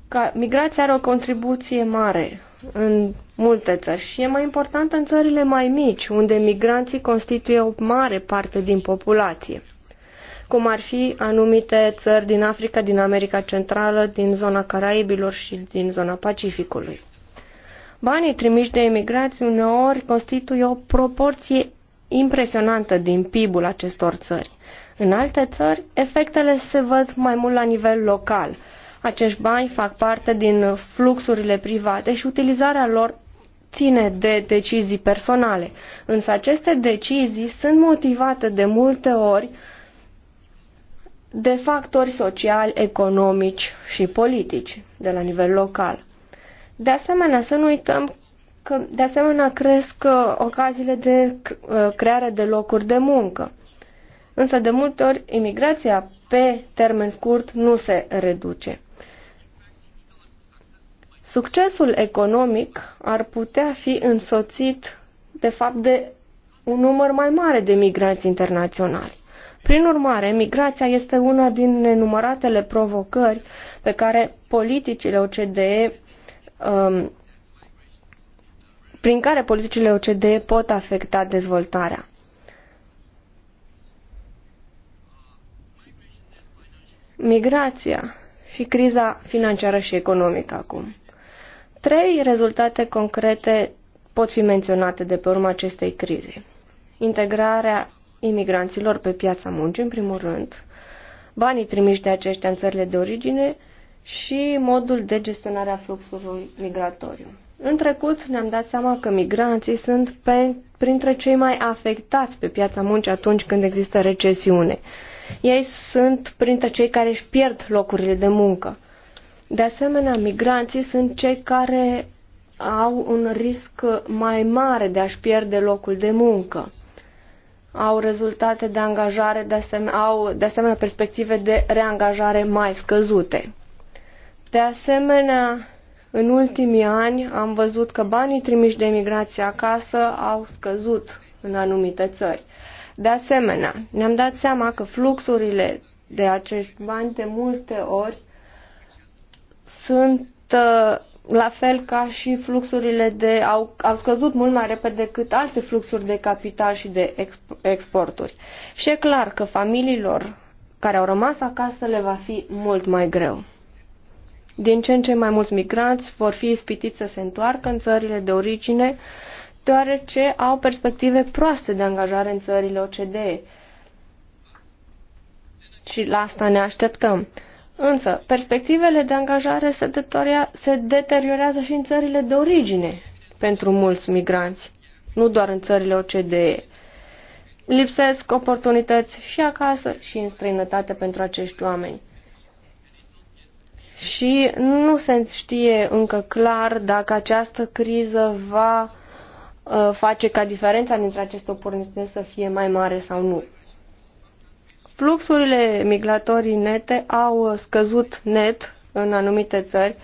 că migrația are o contribuție mare în multe țări și e mai importantă în țările mai mici, unde migranții constituie o mare parte din populație, cum ar fi anumite țări din Africa, din America Centrală, din zona Caraibilor și din zona Pacificului. Banii trimiși de emigrați uneori constituie o proporție impresionantă din PIB-ul acestor țări. În alte țări, efectele se văd mai mult la nivel local – acești bani fac parte din fluxurile private și utilizarea lor ține de decizii personale, însă aceste decizii sunt motivate de multe ori de factori sociali, economici și politici de la nivel local. De asemenea, să nu uităm că de asemenea cresc uh, ocaziile de uh, creare de locuri de muncă. Însă de multe ori imigrația pe termen scurt nu se reduce. Succesul economic ar putea fi însoțit, de fapt, de un număr mai mare de migranți internaționali. Prin urmare, migrația este una din nenumăratele provocări pe care politicile OCDE um, prin care politicile OCDE pot afecta dezvoltarea. Migrația și criza financiară și economică acum. Trei rezultate concrete pot fi menționate de pe urma acestei crize. Integrarea imigranților pe piața muncii, în primul rând, banii trimiși de aceștia în țările de origine și modul de gestionare a fluxului migratoriu. În trecut ne-am dat seama că migranții sunt pe, printre cei mai afectați pe piața muncii atunci când există recesiune. Ei sunt printre cei care își pierd locurile de muncă. De asemenea, migranții sunt cei care au un risc mai mare de a-și pierde locul de muncă. Au rezultate de angajare, de asemenea, au de asemenea perspective de reangajare mai scăzute. De asemenea, în ultimii ani am văzut că banii trimiși de emigrație acasă au scăzut în anumite țări. De asemenea, ne-am dat seama că fluxurile de acești bani de multe ori sunt uh, la fel ca și fluxurile de au, au scăzut mult mai repede decât alte fluxuri de capital și de exp, exporturi. Și e clar că familiilor care au rămas acasă le va fi mult mai greu. Din ce în ce mai mulți migranți vor fi ispitiți să se întoarcă în țările de origine, deoarece au perspective proaste de angajare în țările OCDE. Și la asta ne așteptăm. Însă, perspectivele de angajare se, se deteriorează și în țările de origine pentru mulți migranți, nu doar în țările OCDE. Lipsesc oportunități și acasă și în străinătate pentru acești oameni. Și nu se știe încă clar dacă această criză va uh, face ca diferența dintre aceste oportunități să fie mai mare sau nu. Fluxurile migratorii nete au scăzut net în anumite țări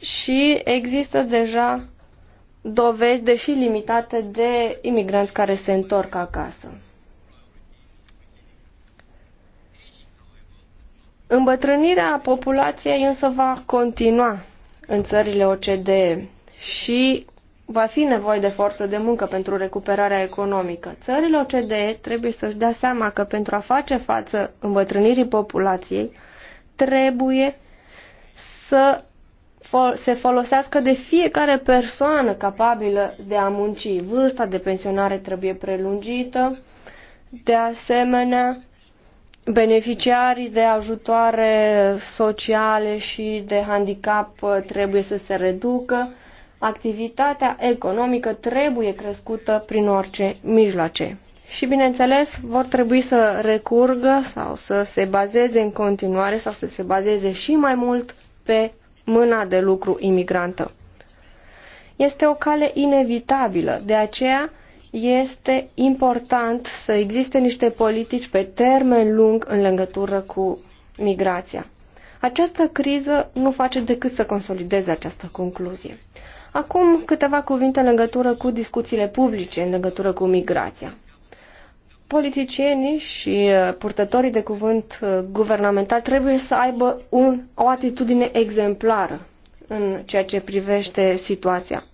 și există deja dovezi, deși limitate, de imigranți care se întorc acasă. Îmbătrânirea populației însă va continua în țările OCDE și va fi nevoie de forță de muncă pentru recuperarea economică. Țările OCDE trebuie să-și dea seama că pentru a face față îmbătrânirii populației, trebuie să se folosească de fiecare persoană capabilă de a munci. Vârsta de pensionare trebuie prelungită. De asemenea, beneficiarii de ajutoare sociale și de handicap trebuie să se reducă activitatea economică trebuie crescută prin orice mijloace. Și, bineînțeles, vor trebui să recurgă sau să se bazeze în continuare sau să se bazeze și mai mult pe mâna de lucru imigrantă. Este o cale inevitabilă, de aceea este important să existe niște politici pe termen lung în legătură cu migrația. Această criză nu face decât să consolideze această concluzie. Acum câteva cuvinte în legătură cu discuțiile publice, în legătură cu migrația. Politicienii și uh, purtătorii de cuvânt uh, guvernamental trebuie să aibă un, o atitudine exemplară în ceea ce privește situația.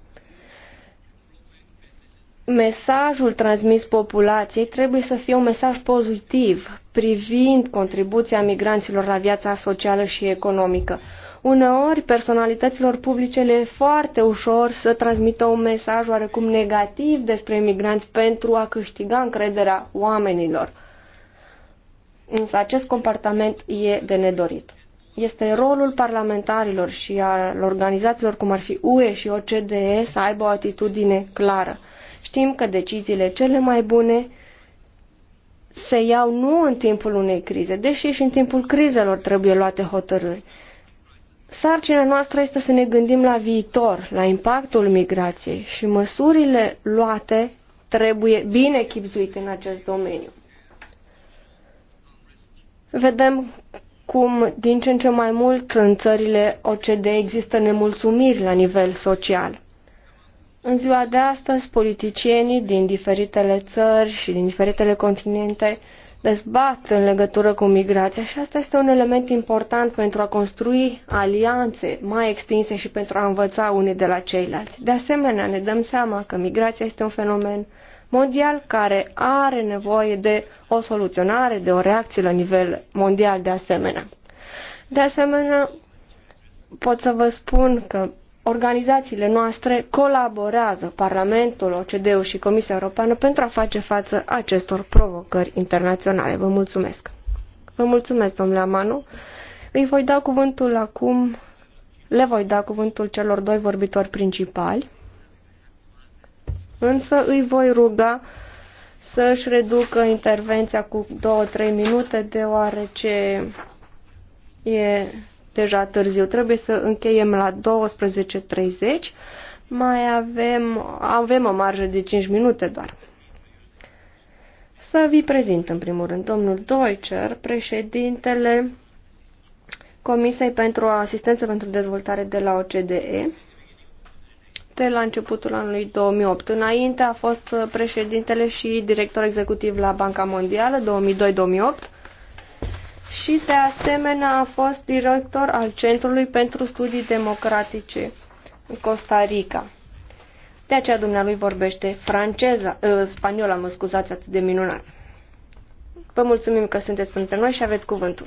Mesajul transmis populației trebuie să fie un mesaj pozitiv privind contribuția migranților la viața socială și economică. Uneori, personalităților publice le e foarte ușor să transmită un mesaj oarecum negativ despre imigranți pentru a câștiga încrederea oamenilor. Însă acest comportament e de nedorit. Este rolul parlamentarilor și al organizațiilor cum ar fi UE și OCDE să aibă o atitudine clară. Știm că deciziile cele mai bune se iau nu în timpul unei crize, deși și în timpul crizelor trebuie luate hotărâri. Sarcina noastră este să ne gândim la viitor, la impactul migrației și măsurile luate trebuie bine chipzuite în acest domeniu. Vedem cum din ce în ce mai mult în țările OCD există nemulțumiri la nivel social. În ziua de astăzi, politicienii din diferitele țări și din diferitele continente dezbat în legătură cu migrația și asta este un element important pentru a construi alianțe mai extinse și pentru a învăța unii de la ceilalți. De asemenea, ne dăm seama că migrația este un fenomen mondial care are nevoie de o soluționare, de o reacție la nivel mondial de asemenea. De asemenea, pot să vă spun că organizațiile noastre colaborează, Parlamentul, OCDE-ul și Comisia Europeană, pentru a face față acestor provocări internaționale. Vă mulțumesc! Vă mulțumesc, domnule Amanu. Îi voi da cuvântul acum, le voi da cuvântul celor doi vorbitori principali, însă îi voi ruga să își reducă intervenția cu două-trei minute, deoarece e deja târziu. Trebuie să încheiem la 12.30. Mai avem, avem o marjă de 5 minute doar. Să vi prezint în primul rând domnul Deutscher, președintele Comisiei pentru Asistență pentru Dezvoltare de la OCDE. De la începutul anului 2008 înainte a fost președintele și director executiv la Banca Mondială 2002-2008 și de asemenea a fost director al Centrului pentru Studii Democratice în Costa Rica. De aceea dumnealui vorbește franceza, uh, spaniola, mă scuzați, atât de minunat. Vă mulțumim că sunteți printre noi și aveți cuvântul.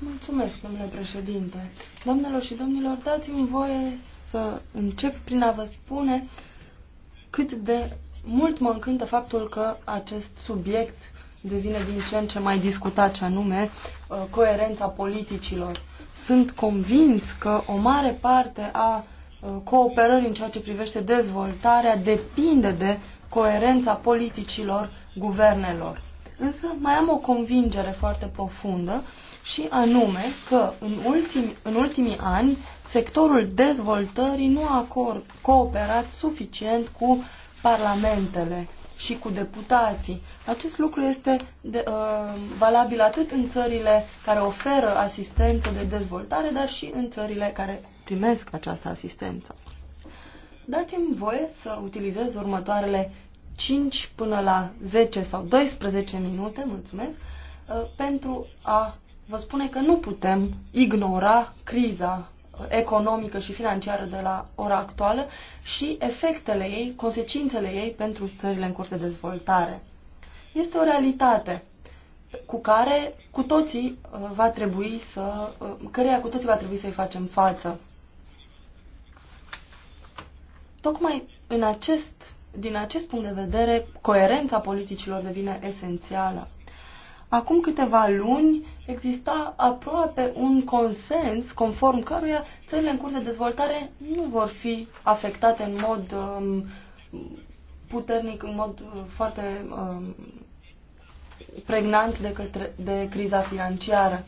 Mulțumesc, domnule președinte. Domnilor și domnilor, dați-mi voie să încep prin a vă spune cât de mult mă încântă faptul că acest subiect devine din ce în ce mai discutat, ce anume uh, coerența politicilor. Sunt convins că o mare parte a uh, cooperării în ceea ce privește dezvoltarea depinde de coerența politicilor guvernelor. Însă mai am o convingere foarte profundă și anume că în, ultim, în ultimii ani sectorul dezvoltării nu a cooperat suficient cu parlamentele și cu deputații. Acest lucru este de, uh, valabil atât în țările care oferă asistență de dezvoltare, dar și în țările care primesc această asistență. Dați-mi voie să utilizez următoarele 5 până la 10 sau 12 minute, mulțumesc, uh, pentru a vă spune că nu putem ignora criza economică și financiară de la ora actuală și efectele ei, consecințele ei pentru țările în curs de dezvoltare. Este o realitate cu care cu toții uh, va trebui să, uh, căreia cu toții va trebui să-i facem față. Tocmai în acest, din acest punct de vedere, coerența politicilor devine esențială. Acum câteva luni exista aproape un consens conform căruia țările în curs de dezvoltare nu vor fi afectate în mod um, puternic, în mod uh, foarte um, pregnant de, către, de criza financiară.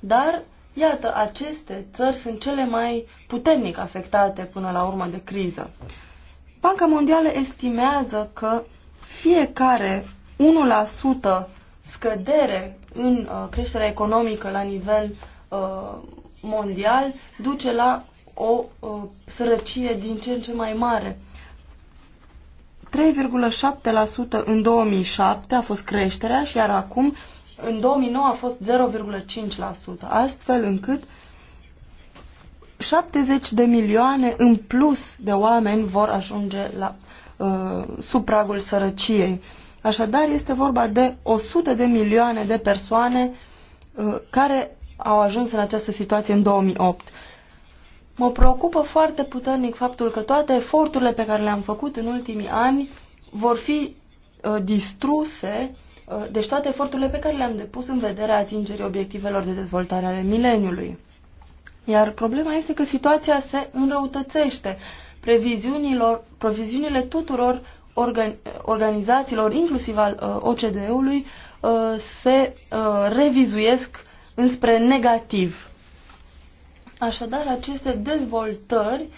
Dar, iată, aceste țări sunt cele mai puternic afectate până la urmă de criză. Banca Mondială estimează că fiecare scădere în uh, creșterea economică la nivel uh, mondial duce la o uh, sărăcie din ce în ce mai mare. 3,7% în 2007 a fost creșterea și iar acum în 2009 a fost 0,5%, astfel încât 70 de milioane în plus de oameni vor ajunge la uh, supragul sărăciei. Uh, Așadar, este vorba de 100 de milioane de persoane uh, care au ajuns în această situație în 2008. Mă preocupă foarte puternic faptul că toate eforturile pe care le-am făcut în ultimii ani vor fi uh, distruse, uh, deci toate eforturile pe care le-am depus în vederea atingerii obiectivelor de dezvoltare ale mileniului. Iar problema este că situația se înrăutățește. Previziunilor, previziunile tuturor organ organizațiilor, inclusiv al uh, OCDE-ului, uh, se uh, revizuiesc înspre negativ. Așadar, aceste dezvoltări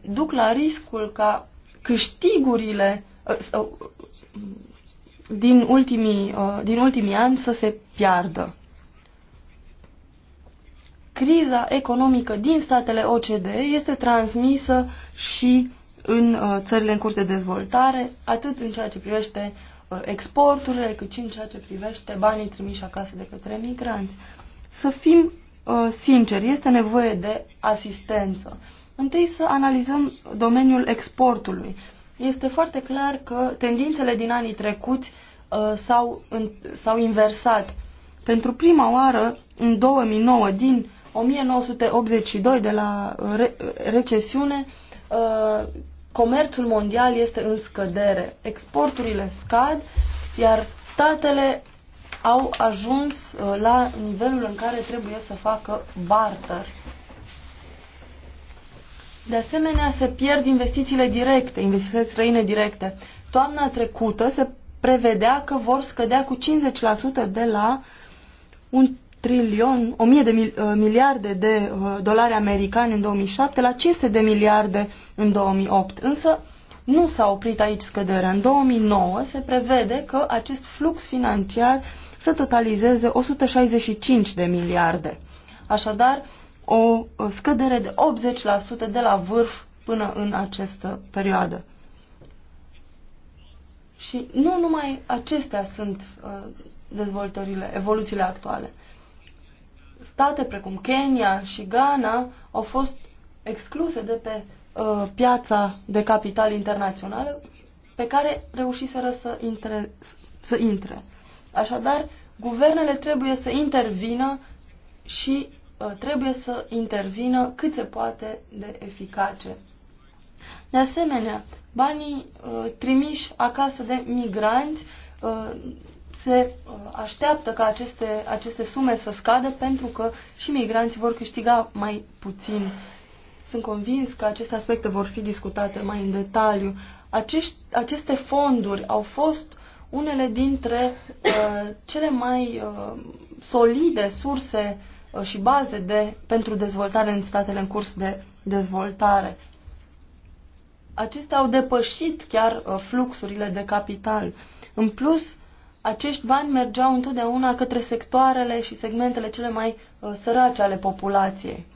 duc la riscul ca câștigurile din ultimii, din ultimii ani să se piardă. Criza economică din statele OCDE este transmisă și în uh, țările în curs de dezvoltare, atât în ceea ce privește uh, exporturile, cât și în ceea ce privește banii trimiși acasă de către migranți. Să fim uh, sinceri, este nevoie de asistență. Întâi să analizăm domeniul exportului. Este foarte clar că tendințele din anii trecuți s-au inversat. Pentru prima oară, în 2009, din 1982, de la recesiune, comerțul mondial este în scădere, exporturile scad, iar statele au ajuns uh, la nivelul în care trebuie să facă barter. De asemenea, se pierd investițiile directe, investițiile străine directe. Toamna trecută se prevedea că vor scădea cu 50% de la un trilion, 1000 de uh, miliarde de uh, dolari americani în 2007 la 500 de miliarde în 2008. Însă nu s-a oprit aici scăderea. În 2009 se prevede că acest flux financiar să totalizeze 165 de miliarde. Așadar, o uh, scădere de 80% de la vârf până în această perioadă. Și nu numai acestea sunt dezvoltările, evoluțiile actuale state precum Kenya și Ghana au fost excluse de pe uh, piața de capital internațională pe care reușiseră să intre. Să intre. Așadar, guvernele trebuie să intervină și uh, trebuie să intervină cât se poate de eficace. De asemenea, banii uh, trimiși acasă de migranți uh, se uh, așteaptă ca aceste, aceste sume să scadă pentru că și migranții vor câștiga mai puțin. Sunt convins că aceste aspecte vor fi discutate mai în detaliu. Acești, aceste fonduri au fost unele dintre uh, cele mai uh, solide surse uh, și baze de, pentru dezvoltare în statele în curs de dezvoltare. Acestea au depășit chiar uh, fluxurile de capital. În plus, uh, acești bani mergeau întotdeauna către sectoarele și segmentele cele mai uh, sărace ale populației.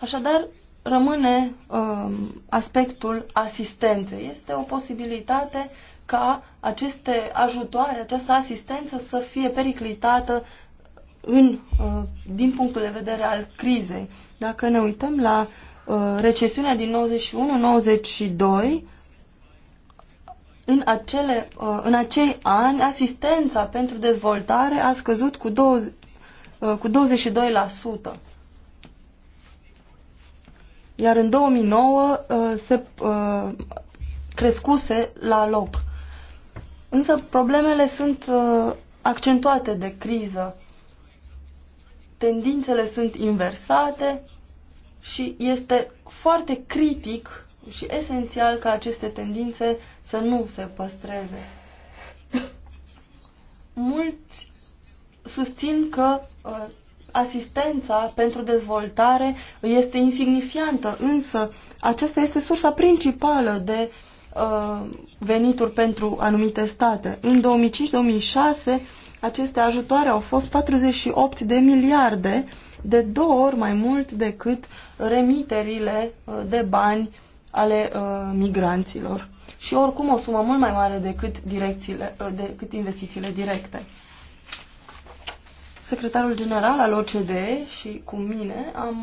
Așadar, rămâne uh, aspectul asistenței. Este o posibilitate ca aceste ajutoare, această asistență să fie periclitată în, uh, din punctul de vedere al crizei. Dacă ne uităm la uh, recesiunea din 91-92, în, acele, uh, în acei ani asistența pentru dezvoltare a scăzut cu, uh, cu 22%. Iar în 2009 uh, se uh, crescuse la loc. Însă problemele sunt accentuate de criză. Tendințele sunt inversate și este foarte critic și esențial ca aceste tendințe să nu se păstreze. Mulți susțin că uh, asistența pentru dezvoltare este insignifiantă, însă aceasta este sursa principală de uh, venituri pentru anumite state. În 2005-2006 aceste ajutoare au fost 48 de miliarde, de două ori mai mult decât remiterile uh, de bani ale uh, migranților și oricum o sumă mult mai mare decât, direcțiile, ă, decât investițiile directe. Secretarul general al OCDE și cu mine am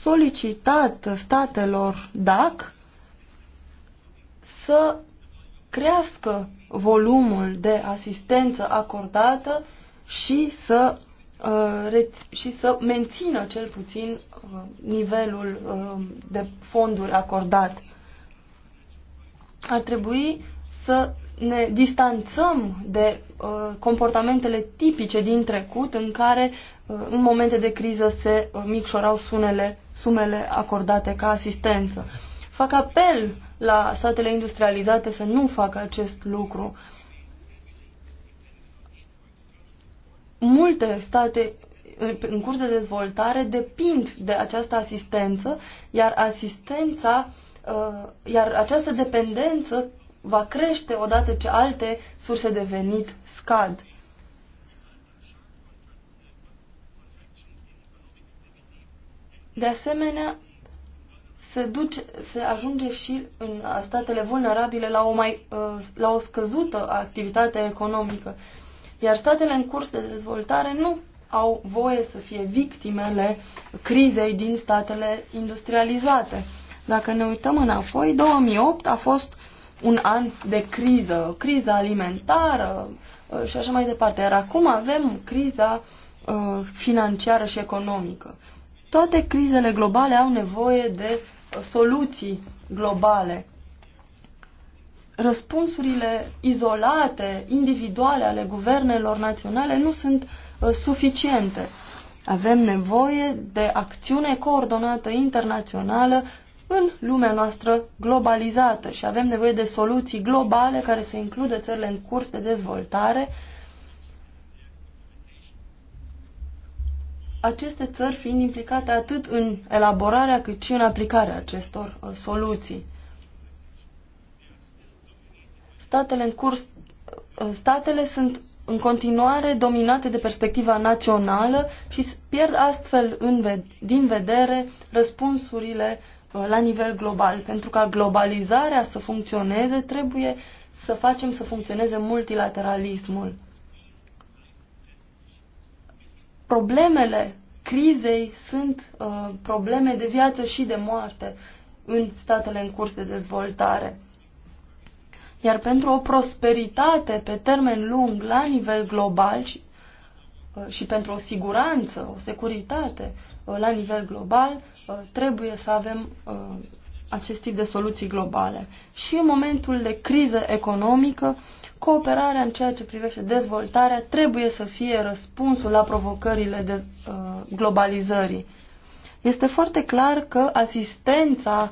solicitat statelor DAC să crească volumul de asistență acordată și să, uh, și să mențină cel puțin uh, nivelul uh, de fonduri acordate ar trebui să ne distanțăm de uh, comportamentele tipice din trecut în care uh, în momente de criză se uh, micșorau sunele, sumele acordate ca asistență. Fac apel la statele industrializate să nu facă acest lucru. Multe state uh, în curs de dezvoltare depind de această asistență, iar asistența uh, Uh, iar această dependență va crește odată ce alte surse de venit scad. De asemenea, se, duce, se ajunge și în statele vulnerabile la o, mai, uh, la o scăzută activitate economică. Iar statele în curs de dezvoltare nu au voie să fie victimele crizei din statele industrializate. Dacă ne uităm înapoi, 2008 a fost un an de criză, criza alimentară uh, și așa mai departe. Iar acum avem criza uh, financiară și economică. Toate crizele globale au nevoie de uh, soluții globale. Răspunsurile izolate, individuale ale guvernelor naționale nu sunt suficiente. Avem nevoie de acțiune coordonată internațională în lumea noastră globalizată și avem nevoie de soluții globale care să includă țările în curs de dezvoltare, aceste țări fiind implicate atât în elaborarea cât și în aplicarea acestor uh, soluții. Statele în curs uh, statele sunt în continuare dominate de perspectiva națională și pierd astfel în din vedere răspunsurile Uh, la nivel global. Pentru ca globalizarea să funcționeze, trebuie să facem să funcționeze multilateralismul. Problemele crizei sunt uh, probleme de viață și de moarte în statele în curs de dezvoltare. Iar pentru o prosperitate pe termen lung la nivel global și, uh, și pentru o siguranță, o securitate uh, la nivel global, Uh, trebuie să avem uh, acest tip de soluții globale. Și în momentul de criză economică, cooperarea în ceea ce privește dezvoltarea trebuie să fie răspunsul la provocările de, uh, globalizării. Este foarte clar că asistența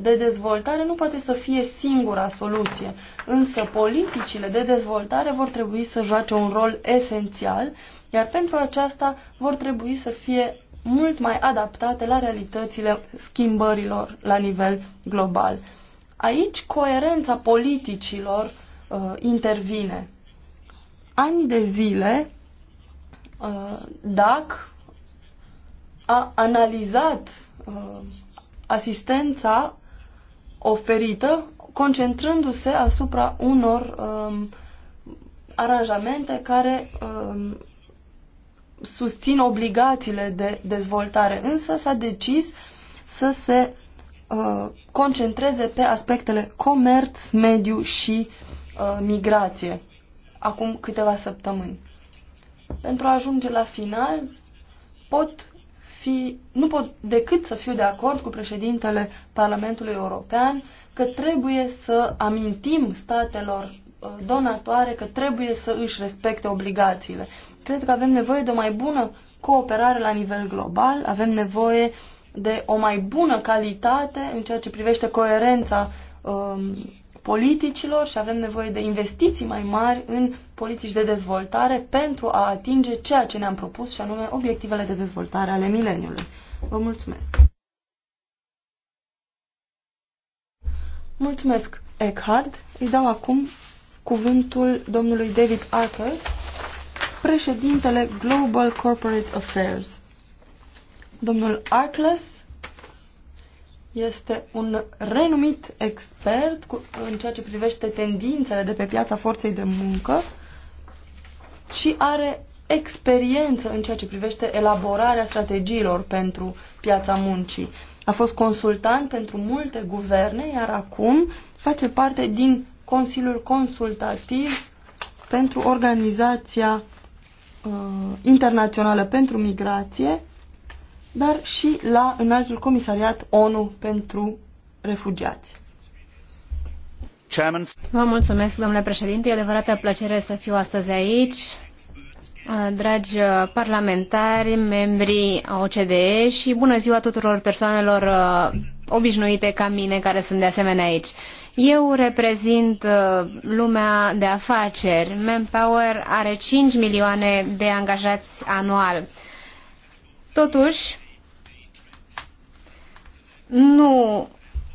de dezvoltare nu poate să fie singura soluție, însă politicile de dezvoltare vor trebui să joace un rol esențial, iar pentru aceasta vor trebui să fie mult mai adaptate la realitățile schimbărilor la nivel global. Aici coerența politicilor uh, intervine. Ani de zile, uh, DAC a analizat uh, asistența oferită, concentrându-se asupra unor um, aranjamente care um, susțin obligațiile de dezvoltare, însă s-a decis să se uh, concentreze pe aspectele comerț, mediu și uh, migrație acum câteva săptămâni. Pentru a ajunge la final, pot fi, nu pot decât să fiu de acord cu președintele Parlamentului European că trebuie să amintim statelor uh, donatoare că trebuie să își respecte obligațiile. Cred că avem nevoie de o mai bună cooperare la nivel global, avem nevoie de o mai bună calitate în ceea ce privește coerența um, politicilor și avem nevoie de investiții mai mari în politici de dezvoltare pentru a atinge ceea ce ne-am propus și anume obiectivele de dezvoltare ale mileniului. Vă mulțumesc! Mulțumesc, Eckhard. Îi dau acum cuvântul domnului David Arkels președintele Global Corporate Affairs. Domnul Arcles este un renumit expert cu, în ceea ce privește tendințele de pe piața forței de muncă și are experiență în ceea ce privește elaborarea strategiilor pentru piața muncii. A fost consultant pentru multe guverne, iar acum face parte din Consiliul Consultativ pentru Organizația Uh, internațională pentru migrație, dar și la Înaltul Comisariat ONU pentru Refugiați. Vă mulțumesc, domnule președinte. E adevărată plăcere să fiu astăzi aici. Uh, dragi uh, parlamentari, membrii OCDE și bună ziua tuturor persoanelor obișnuite ca mine care sunt de asemenea aici. Eu reprezint uh, lumea de afaceri. Manpower are 5 milioane de angajați anual. Totuși, nu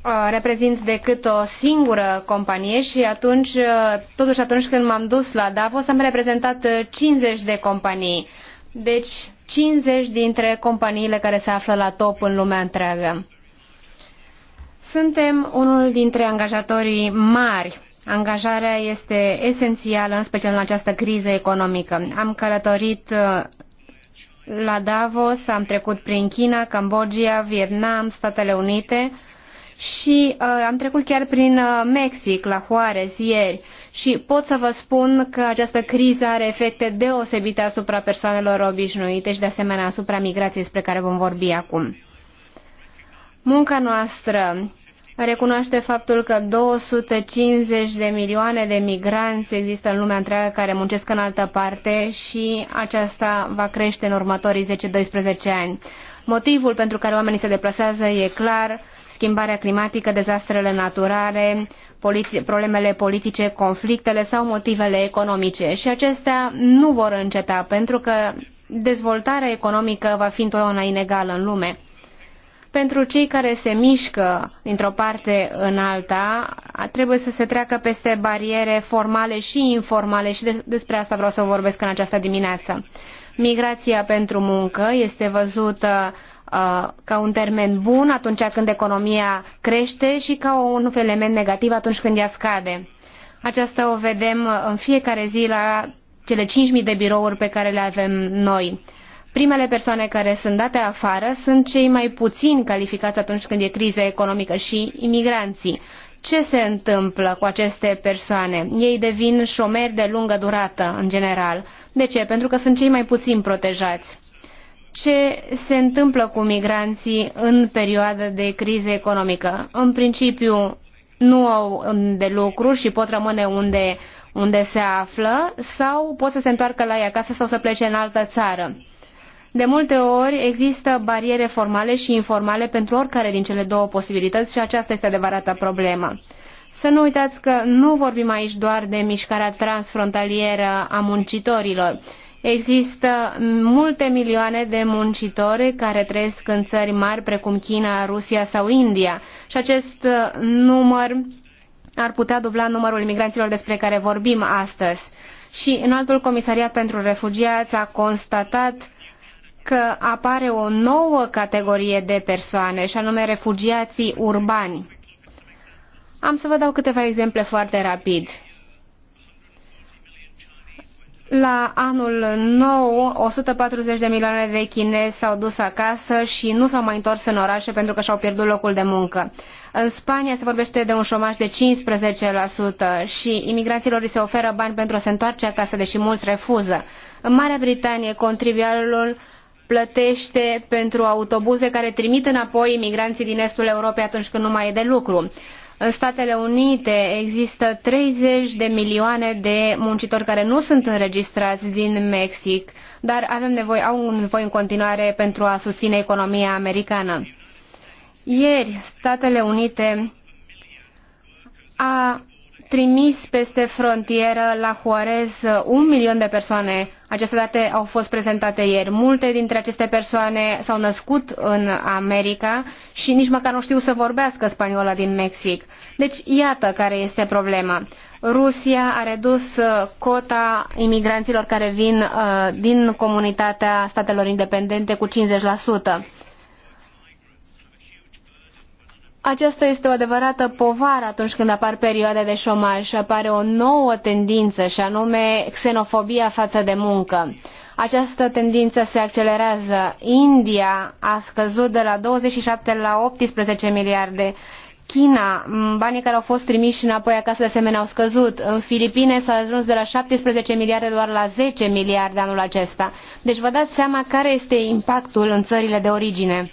uh, reprezint decât o singură companie și atunci, uh, totuși atunci când m-am dus la Davos, am reprezentat 50 de companii. Deci 50 dintre companiile care se află la top în lumea întreagă. Suntem unul dintre angajatorii mari. Angajarea este esențială, în special în această criză economică. Am călătorit uh, la Davos, am trecut prin China, Cambodgia, Vietnam, Statele Unite și uh, am trecut chiar prin uh, Mexic, la Juarez, ieri. Și pot să vă spun că această criză are efecte deosebite asupra persoanelor obișnuite și de asemenea asupra migrației despre care vom vorbi acum. Munca noastră recunoaște faptul că 250 de milioane de migranți există în lumea întreagă care muncesc în altă parte și aceasta va crește în următorii 10-12 ani. Motivul pentru care oamenii se deplasează e clar, schimbarea climatică, dezastrele naturale, politi problemele politice, conflictele sau motivele economice. Și acestea nu vor înceta pentru că dezvoltarea economică va fi întotdeauna inegală în lume pentru cei care se mișcă dintr-o parte în alta, trebuie să se treacă peste bariere formale și informale și despre asta vreau să vorbesc în această dimineață. Migrația pentru muncă este văzută uh, ca un termen bun atunci când economia crește și ca un element negativ atunci când ea scade. Aceasta o vedem în fiecare zi la cele 5.000 de birouri pe care le avem noi. Primele persoane care sunt date afară sunt cei mai puțin calificați atunci când e criză economică și imigranții. Ce se întâmplă cu aceste persoane? Ei devin șomeri de lungă durată, în general. De ce? Pentru că sunt cei mai puțin protejați ce se întâmplă cu migranții în perioada de criză economică. În principiu, nu au de lucru și pot rămâne unde, unde se află sau pot să se întoarcă la ei acasă sau să plece în altă țară. De multe ori există bariere formale și informale pentru oricare din cele două posibilități și aceasta este adevărata problemă. Să nu uitați că nu vorbim aici doar de mișcarea transfrontalieră a muncitorilor. Există multe milioane de muncitori care trăiesc în țări mari precum China, Rusia sau India și acest uh, număr ar putea dubla numărul imigranților despre care vorbim astăzi. Și în altul comisariat pentru refugiați a constatat că apare o nouă categorie de persoane, și anume refugiații urbani. Am să vă dau câteva exemple foarte rapid. La anul nou, 140 de milioane de chinezi s-au dus acasă și nu s-au mai întors în orașe pentru că și-au pierdut locul de muncă. În Spania se vorbește de un șomaj de 15% și imigranților îi se oferă bani pentru a se întoarce acasă, deși mulți refuză. În Marea Britanie, contribuabilul plătește pentru autobuze care trimit înapoi imigranții din estul Europei atunci când nu mai e de lucru. În Statele Unite există 30 de milioane de muncitori care nu sunt înregistrați din Mexic, dar avem nevoie, au nevoie în continuare pentru a susține economia americană. Ieri, Statele Unite a trimis peste frontieră la Juarez un milion de persoane aceste date au fost prezentate ieri. Multe dintre aceste persoane s-au născut în America și nici măcar nu știu să vorbească spaniola din Mexic. Deci iată care este problema. Rusia a redus uh, cota imigranților care vin uh, din comunitatea statelor independente cu 50% aceasta este o adevărată povară atunci când apar perioade de șomaj și apare o nouă tendință și anume xenofobia față de muncă. Această tendință se accelerează. India a scăzut de la 27 la 18 miliarde. China, banii care au fost trimiși înapoi acasă de asemenea au scăzut. În Filipine s-a ajuns de la 17 miliarde doar la 10 miliarde anul acesta. Deci vă dați seama care este impactul în țările de origine.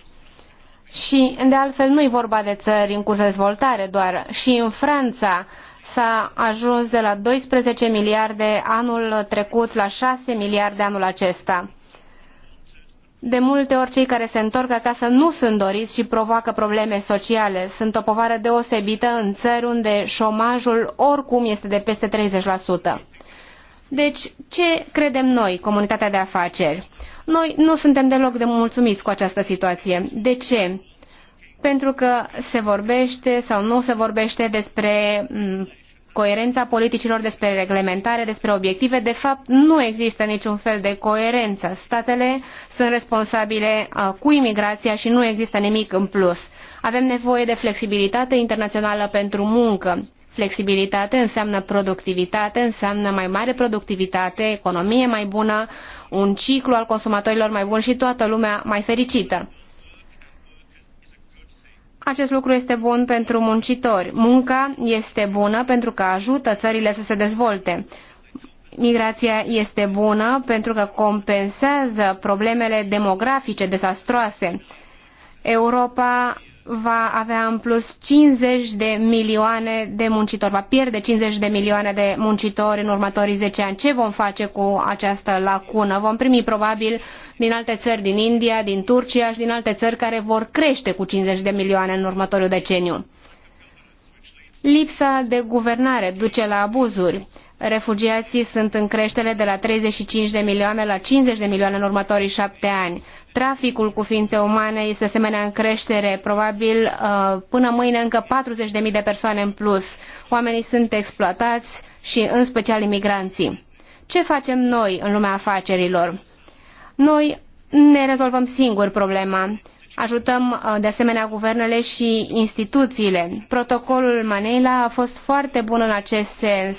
Și, de altfel, nu-i vorba de țări în curs de dezvoltare doar. Și în Franța s-a ajuns de la 12 miliarde anul trecut la 6 miliarde anul acesta. De multe ori cei care se întorc acasă nu sunt doriți și provoacă probleme sociale. Sunt o povară deosebită în țări unde șomajul oricum este de peste 30%. Deci, ce credem noi, comunitatea de afaceri? Noi nu suntem deloc de mulțumiți cu această situație. De ce? Pentru că se vorbește sau nu se vorbește despre mm, coerența politicilor, despre reglementare, despre obiective. De fapt, nu există niciun fel de coerență. Statele sunt responsabile cu imigrația și nu există nimic în plus. Avem nevoie de flexibilitate internațională pentru muncă. Flexibilitate înseamnă productivitate, înseamnă mai mare productivitate, economie mai bună, un ciclu al consumatorilor mai bun și toată lumea mai fericită. Acest lucru este bun pentru muncitori. Munca este bună pentru că ajută țările să se dezvolte. Migrația este bună pentru că compensează problemele demografice dezastroase. Europa va avea în plus 50 de milioane de muncitori, va pierde 50 de milioane de muncitori în următorii 10 ani. Ce vom face cu această lacună? Vom primi probabil din alte țări, din India, din Turcia și din alte țări care vor crește cu 50 de milioane în următorul deceniu. Lipsa de guvernare duce la abuzuri. Refugiații sunt în creștere de la 35 de milioane la 50 de milioane în următorii șapte ani. Traficul cu ființe umane este asemenea în creștere, probabil uh, până mâine încă 40.000 de persoane în plus. Oamenii sunt exploatați și în special imigranții. Ce facem noi în lumea afacerilor? Noi ne rezolvăm singuri problema. Ajutăm uh, de asemenea guvernele și instituțiile. Protocolul Manila a fost foarte bun în acest sens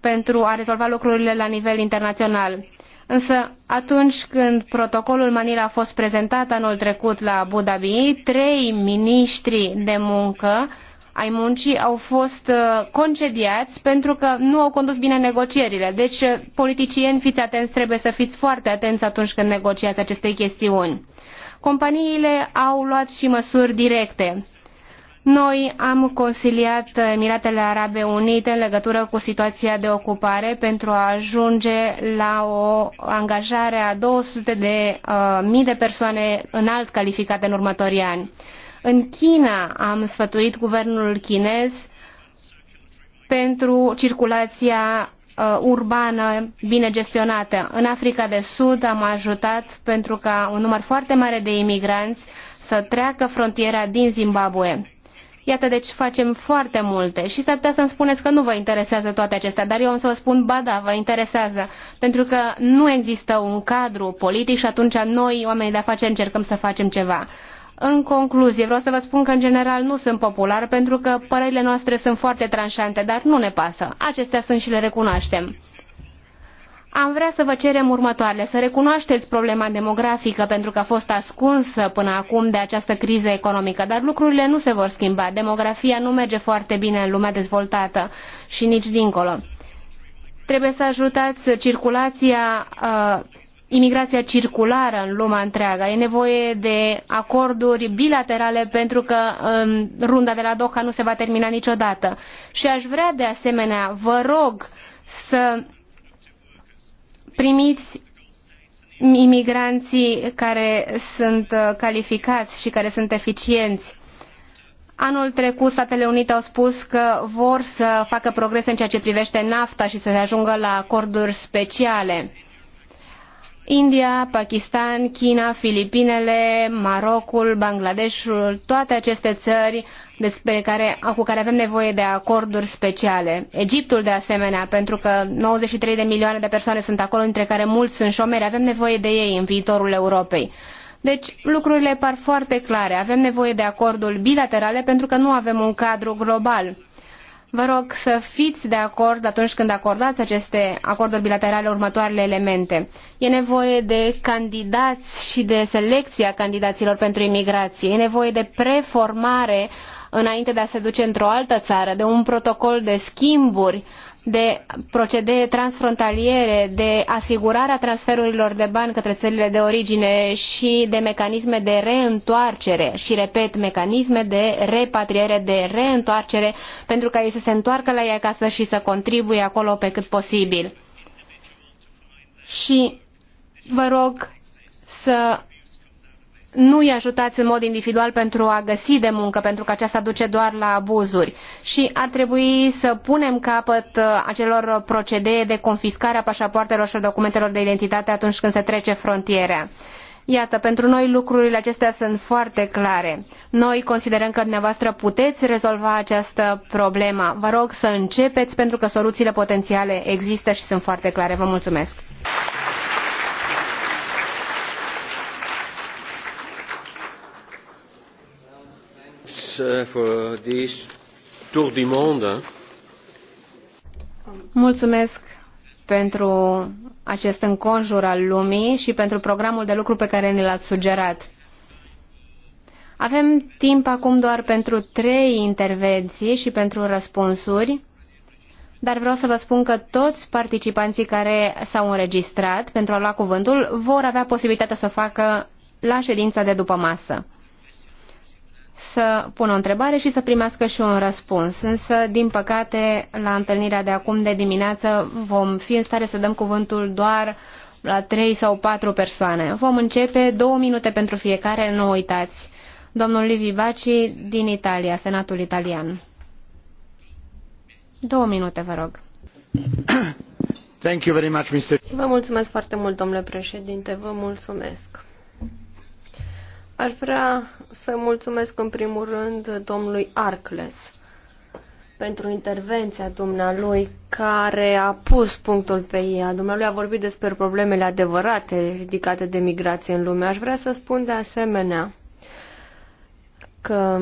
pentru a rezolva lucrurile la nivel internațional. Însă, atunci când protocolul Manila a fost prezentat anul trecut la Abu Dhabi, trei miniștri de muncă ai muncii au fost uh, concediați pentru că nu au condus bine negocierile. Deci, uh, politicieni, fiți atenți, trebuie să fiți foarte atenți atunci când negociați aceste chestiuni. Companiile au luat și măsuri directe. Noi am consiliat Emiratele Arabe Unite în legătură cu situația de ocupare pentru a ajunge la o angajare a 200 de uh, mii de persoane înalt calificate în următorii ani. În China am sfătuit guvernul chinez pentru circulația uh, urbană bine gestionată. În Africa de Sud am ajutat pentru ca un număr foarte mare de imigranți să treacă frontiera din Zimbabwe. Iată, deci facem foarte multe și s-ar putea să-mi spuneți că nu vă interesează toate acestea, dar eu am să vă spun, ba da, vă interesează, pentru că nu există un cadru politic și atunci noi, oamenii de afaceri, încercăm să facem ceva. În concluzie, vreau să vă spun că în general nu sunt popular pentru că părerile noastre sunt foarte tranșante, dar nu ne pasă. Acestea sunt și le recunoaștem am vrea să vă cerem următoarele, să recunoașteți problema demografică pentru că a fost ascunsă până acum de această criză economică, dar lucrurile nu se vor schimba. Demografia nu merge foarte bine în lumea dezvoltată și nici dincolo. Trebuie să ajutați circulația, uh, imigrația circulară în lumea întreagă. E nevoie de acorduri bilaterale pentru că um, runda de la Doha nu se va termina niciodată. Și aș vrea de asemenea, vă rog, să primiți imigranții care sunt uh, calificați și care sunt eficienți. Anul trecut Statele Unite au spus că vor să facă progrese în ceea ce privește nafta și să se ajungă la acorduri speciale. India, Pakistan, China, Filipinele, Marocul, Bangladeshul, toate aceste țări despre care, cu care avem nevoie de acorduri speciale. Egiptul, de asemenea, pentru că 93 de milioane de persoane sunt acolo, dintre care mulți sunt șomeri, avem nevoie de ei în viitorul Europei. Deci lucrurile par foarte clare. Avem nevoie de acorduri bilaterale pentru că nu avem un cadru global. Vă rog să fiți de acord atunci când acordați aceste acorduri bilaterale următoarele elemente. E nevoie de candidați și de selecția candidaților pentru imigrație. E nevoie de preformare înainte de a se duce într-o altă țară, de un protocol de schimburi, de procedee transfrontaliere, de asigurarea transferurilor de bani către țările de origine și de mecanisme de reîntoarcere și, repet, mecanisme de repatriere, de reîntoarcere, pentru ca ei să se întoarcă la ei acasă și să contribuie acolo pe cât posibil. Și vă rog să nu îi ajutați în mod individual pentru a găsi de muncă, pentru că aceasta duce doar la abuzuri. Și ar trebui să punem capăt uh, acelor procedee de confiscare a pașapoartelor și documentelor de identitate atunci când se trece frontiera. Iată, pentru noi lucrurile acestea sunt foarte clare. Noi considerăm că dumneavoastră puteți rezolva această problemă. Vă rog să începeți pentru că soluțiile potențiale există și sunt foarte clare. Vă mulțumesc! Uh, Mulțumesc pentru acest înconjur al lumii și pentru programul de lucru pe care ne l-ați sugerat. Avem timp acum doar pentru trei intervenții și pentru răspunsuri, dar vreau să vă spun că toți participanții care s-au înregistrat pentru a lua cuvântul vor avea posibilitatea să o facă la ședința de după masă să pună o întrebare și să primească și un răspuns. Însă, din păcate, la întâlnirea de acum de dimineață vom fi în stare să dăm cuvântul doar la trei sau patru persoane. Vom începe două minute pentru fiecare, nu uitați. Domnul Livi Baci din Italia, Senatul Italian. Două minute, vă rog. Thank you very much, Mr. Vă mulțumesc foarte mult, domnule președinte, vă mulțumesc. Aș vrea să mulțumesc în primul rând domnului Arcles pentru intervenția dumnealui care a pus punctul pe ea. Dumnealui a vorbit despre problemele adevărate ridicate de migrație în lume. Aș vrea să spun de asemenea că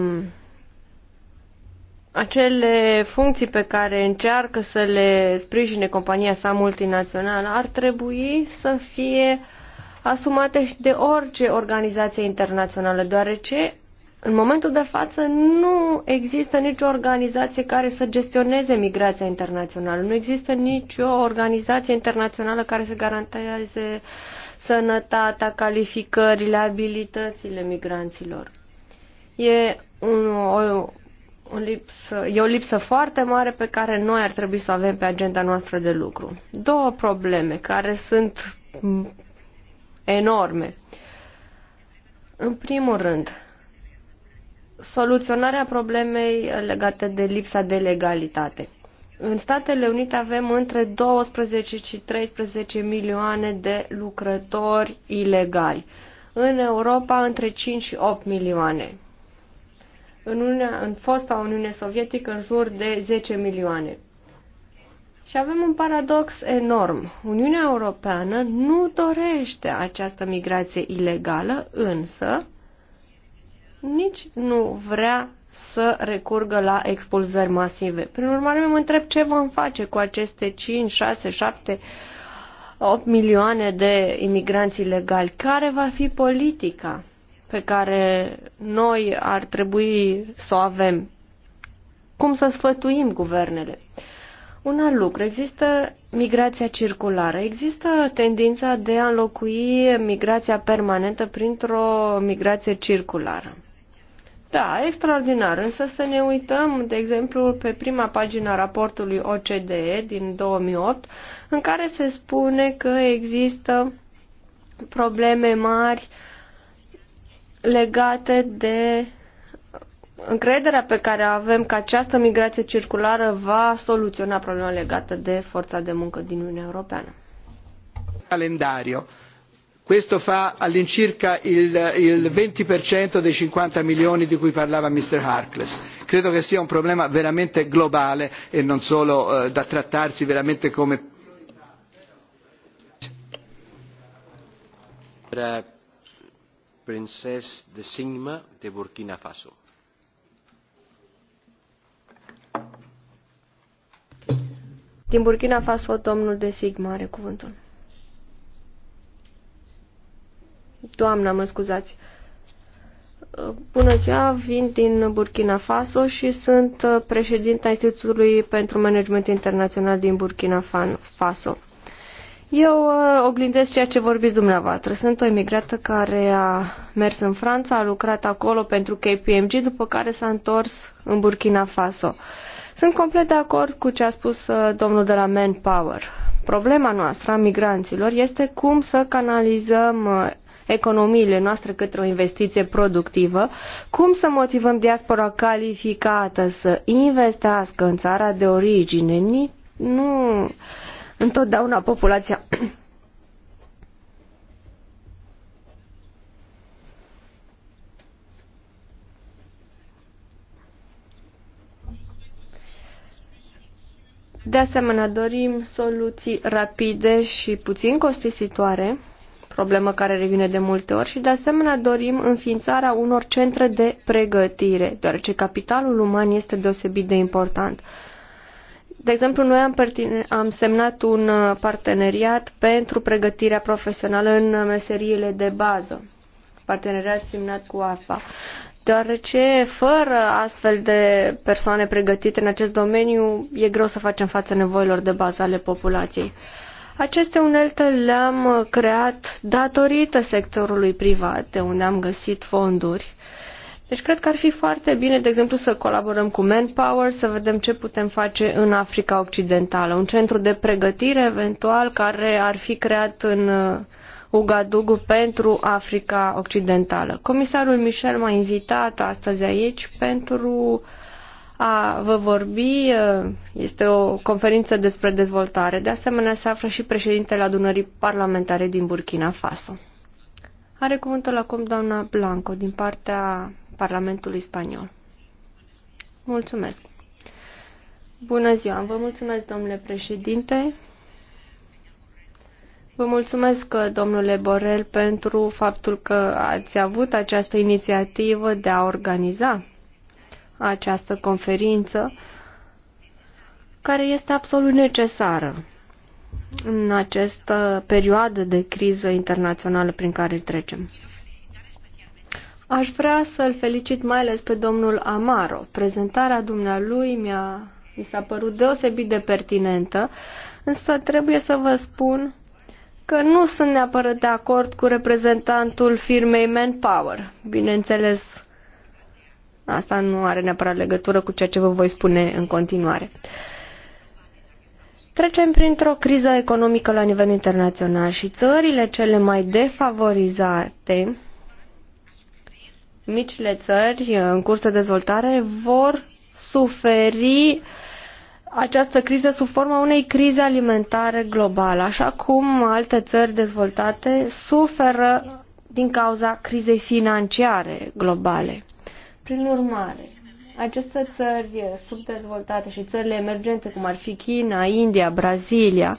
acele funcții pe care încearcă să le sprijine compania sa multinațională ar trebui să fie uh, asumate și de orice organizație internațională, deoarece în momentul de față nu există nicio organizație care să gestioneze migrația internațională, nu există nicio organizație internațională care să garanteze sănătatea, calificările, abilitățile migranților. E un, o, o lipsă, e o lipsă foarte mare pe care noi ar trebui să o avem pe agenda noastră de lucru. Două probleme care sunt enorme. În primul rând, soluționarea problemei legate de lipsa de legalitate. În Statele Unite avem între 12 și 13 milioane de lucrători ilegali. În Europa între 5 și 8 milioane. În, Uniunea, în fosta Uniune Sovietică în jur de 10 milioane. Și avem un paradox enorm. Uniunea Europeană nu dorește această migrație ilegală, însă nici nu vrea să recurgă la expulzări masive. Prin urmare, mă întreb ce vom face cu aceste 5, 6, 7, 8 milioane de imigranți ilegali. Care va fi politica pe care noi ar trebui să o avem? Cum să sfătuim guvernele? Un alt lucru, există migrația circulară, există tendința de a înlocui migrația permanentă printr-o migrație circulară. Da, extraordinar, însă să ne uităm, de exemplu, pe prima pagina raportului OCDE din 2008, în care se spune că există probleme mari legate de încrederea pe care o avem că această migrație circulară va soluționa problema legată de forța de muncă din Uniunea Europeană. Calendario. Questo fa all'incirca il, il 20% dei 50 milioni di cui parlava Mr. Harkless. Credo che sia un problema veramente globale e non solo eh, da trattarsi veramente come. Princess de Sigma de Burkina Faso. Din Burkina Faso, domnul de Sigma are cuvântul. Doamna, mă scuzați. Bună ziua, vin din Burkina Faso și sunt uh, președinta Institutului pentru Management Internațional din Burkina Faso. Eu uh, oglindesc ceea ce vorbiți dumneavoastră. Sunt o emigrată care a mers în Franța, a lucrat acolo pentru KPMG, după care s-a întors în Burkina Faso. Uh, sunt complet de acord cu ce a spus uh, domnul de la Manpower. Problema noastră a migranților este cum să canalizăm uh, economiile noastre către o investiție productivă, cum să motivăm diaspora calificată să investească în țara de origine, nu întotdeauna populația De asemenea, dorim soluții rapide și puțin costisitoare, problemă care revine de multe ori, și de asemenea dorim înființarea unor centre de pregătire, deoarece capitalul uman este deosebit de important. De exemplu, noi am, am semnat un uh, parteneriat pentru pregătirea profesională în meseriile de bază, parteneriat semnat cu AFA deoarece fără astfel de persoane pregătite în acest domeniu e greu să facem față nevoilor de bază ale populației. Aceste unelte le-am creat datorită sectorului privat, de unde am găsit fonduri. Deci cred că ar fi foarte bine, de exemplu, să colaborăm cu Manpower, să vedem ce putem face în Africa Occidentală, un centru de pregătire eventual care ar fi creat în Ugadugu pentru Africa Occidentală. Comisarul Michel m-a invitat astăzi aici pentru a vă vorbi. Este o conferință despre dezvoltare. De asemenea, se află și președintele adunării parlamentare din Burkina Faso. Are cuvântul acum doamna Blanco din partea Parlamentului Spaniol. Mulțumesc. Bună ziua, vă mulțumesc, domnule președinte. Vă mulțumesc, domnule Borel, pentru faptul că ați avut această inițiativă de a organiza această conferință, care este absolut necesară în această perioadă de criză internațională prin care trecem. Aș vrea să-l felicit mai ales pe domnul Amaro. Prezentarea dumnealui mi-a, mi s-a părut deosebit de pertinentă, însă trebuie să vă spun că nu sunt neapărat de acord cu reprezentantul firmei Manpower. Bineînțeles, asta nu are neapărat legătură cu ceea ce vă voi spune în continuare. Trecem printr-o criză economică la nivel internațional și țările cele mai defavorizate, micile țări uh, în curs de dezvoltare, vor suferi uh, această criză sub forma unei crize alimentare globale, așa cum alte țări dezvoltate suferă din cauza crizei financiare globale. Prin urmare, aceste țări subdezvoltate și țările emergente, cum ar fi China, India, Brazilia,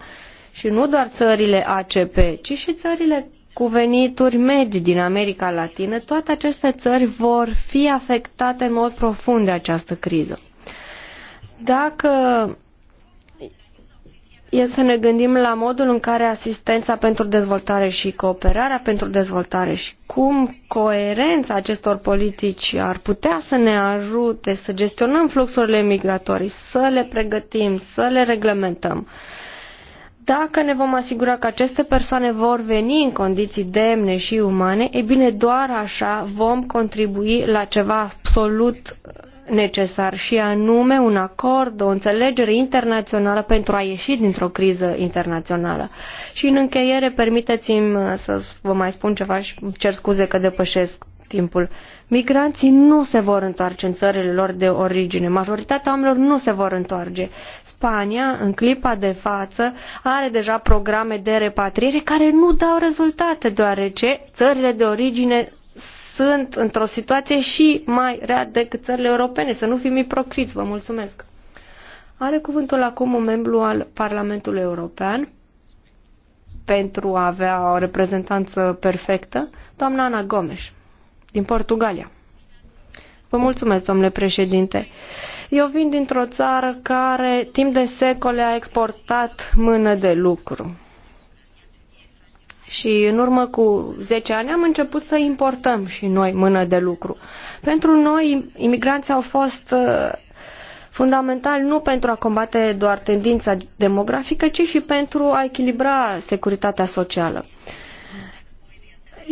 și nu doar țările ACP, ci și țările cu venituri medii din America Latină, toate aceste țări vor fi afectate în mod profund de această criză. Dacă e să ne gândim la modul în care asistența pentru dezvoltare și cooperarea pentru dezvoltare și cum coerența acestor politici ar putea să ne ajute să gestionăm fluxurile migratorii, să le pregătim, să le reglementăm. Dacă ne vom asigura că aceste persoane vor veni în condiții demne și umane, e bine, doar așa vom contribui la ceva absolut necesar și anume un acord, o înțelegere internațională pentru a ieși dintr-o criză internațională. Și în încheiere, permiteți-mi uh, să vă mai spun ceva și cer scuze că depășesc timpul. Migranții nu se vor întoarce în țările lor de origine. Majoritatea oamenilor nu se vor întoarce. Spania, în clipa de față, are deja programe de repatriere care nu dau rezultate, deoarece țările de origine sunt într-o situație și mai rea decât țările europene. Să nu fim ipocriți, vă mulțumesc. Are cuvântul acum un membru al Parlamentului European pentru a avea o reprezentanță perfectă, doamna Ana Gomes, din Portugalia. Vă mulțumesc, domnule președinte. Eu vin dintr-o țară care timp de secole a exportat mână de lucru și în urmă cu 10 ani am început să importăm și noi mână de lucru. Pentru noi, imigranții au fost uh, fundamental nu pentru a combate doar tendința demografică, ci și pentru a echilibra securitatea socială.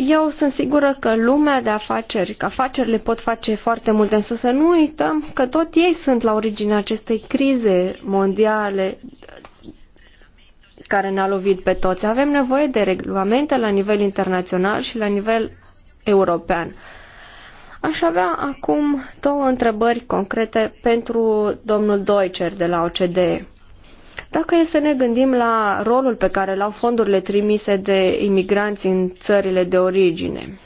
Eu sunt sigură că lumea de afaceri, că afacerile pot face foarte multe, însă să nu uităm că tot ei sunt la originea acestei crize mondiale care ne-a lovit pe toți. Avem nevoie de regulamente la nivel internațional și la nivel european. Aș avea acum două întrebări concrete pentru domnul Deutscher de la OCDE. Dacă e să ne gândim la rolul pe care l-au fondurile trimise de imigranți în țările de origine,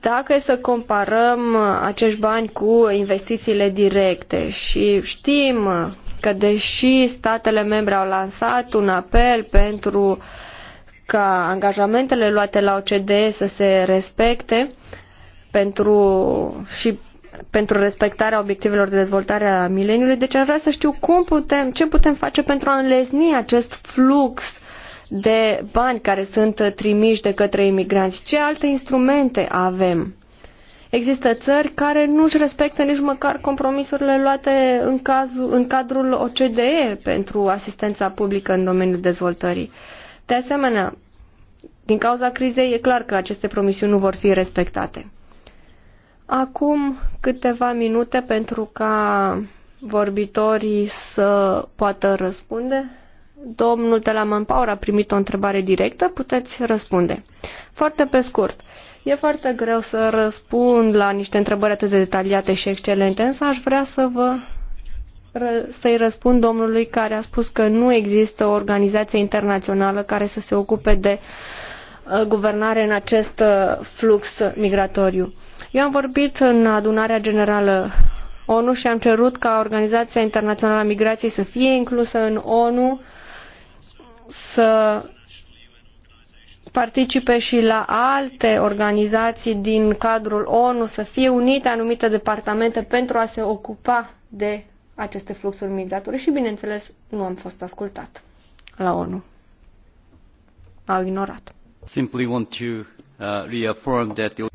dacă e să comparăm acești bani cu investițiile directe și știm că deși statele membre au lansat un apel pentru ca angajamentele luate la OCDE să se respecte pentru, și pentru respectarea obiectivelor de dezvoltare a mileniului, deci ar vrea să știu cum putem, ce putem face pentru a înlesni acest flux de bani care sunt trimiși de către imigranți. Ce alte instrumente avem? Există țări care nu își respectă nici măcar compromisurile luate în, cazul, în cadrul OCDE pentru asistența publică în domeniul dezvoltării. De asemenea, din cauza crizei e clar că aceste promisiuni nu vor fi respectate. Acum câteva minute pentru ca vorbitorii să poată răspunde. Domnul de a primit o întrebare directă, puteți răspunde. Foarte pe scurt, E foarte greu să răspund la niște întrebări atât de detaliate și excelente, însă aș vrea să vă să-i răspund domnului care a spus că nu există o organizație internațională care să se ocupe de uh, guvernare în acest uh, flux migratoriu. Eu am vorbit în adunarea generală ONU și am cerut ca Organizația Internațională a Migrației să fie inclusă în ONU, să participe și la alte organizații din cadrul ONU, să fie unite anumite departamente pentru a se ocupa de aceste fluxuri migratorii și, bineînțeles, nu am fost ascultat la ONU. Au ignorat. Simply want to uh, reaffirm that Eu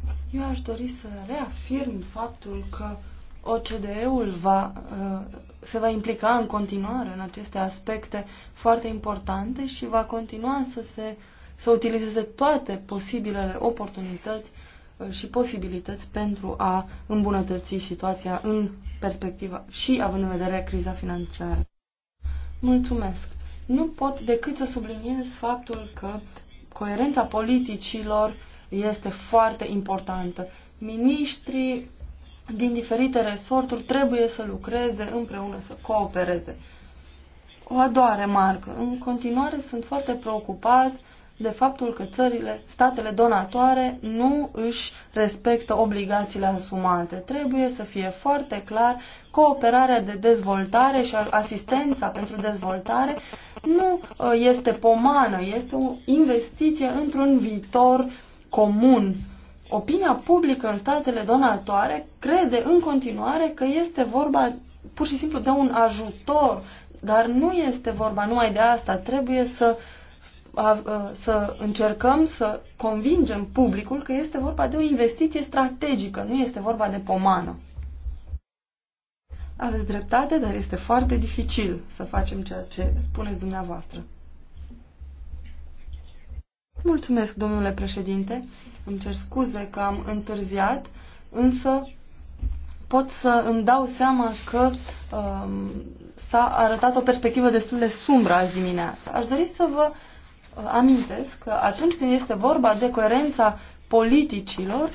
aș dori să reafirm faptul că OCDE-ul va, uh, se va implica în continuare în aceste aspecte foarte importante și va continua să se să utilizeze toate posibilele oportunități uh, și posibilități pentru a îmbunătăți situația în perspectiva și având în vedere criza financiară. Mulțumesc! Nu pot decât să subliniez faptul că coerența politicilor este foarte importantă. Ministrii din diferite resorturi trebuie să lucreze împreună, să coopereze. O a doua remarcă. În continuare sunt foarte preocupat de faptul că țările, statele donatoare nu își respectă obligațiile asumate. Trebuie să fie foarte clar cooperarea de dezvoltare și asistența pentru dezvoltare nu uh, este pomană, este o investiție într-un viitor comun. Opinia publică în statele donatoare crede în continuare că este vorba pur și simplu de un ajutor, dar nu este vorba numai de asta. Trebuie să uh, să încercăm să convingem publicul că este vorba de o investiție strategică, nu este vorba de pomană. Aveți dreptate, dar este foarte dificil să facem ceea ce spuneți dumneavoastră. Mulțumesc, domnule președinte. Îmi cer scuze că am întârziat, însă pot să îmi dau seama că um, s-a arătat o perspectivă destul de sumbră azi dimineața. Aș dori să vă amintesc că atunci când este vorba de coerența politicilor,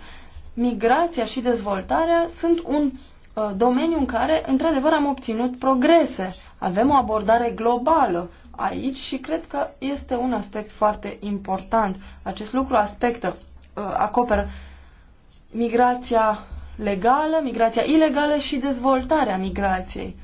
migrația și dezvoltarea sunt un uh, domeniu în care, într-adevăr, am obținut progrese. Avem o abordare globală aici și cred că este un aspect foarte important. Acest lucru aspectă, uh, acoperă migrația legală, migrația ilegală și dezvoltarea migrației.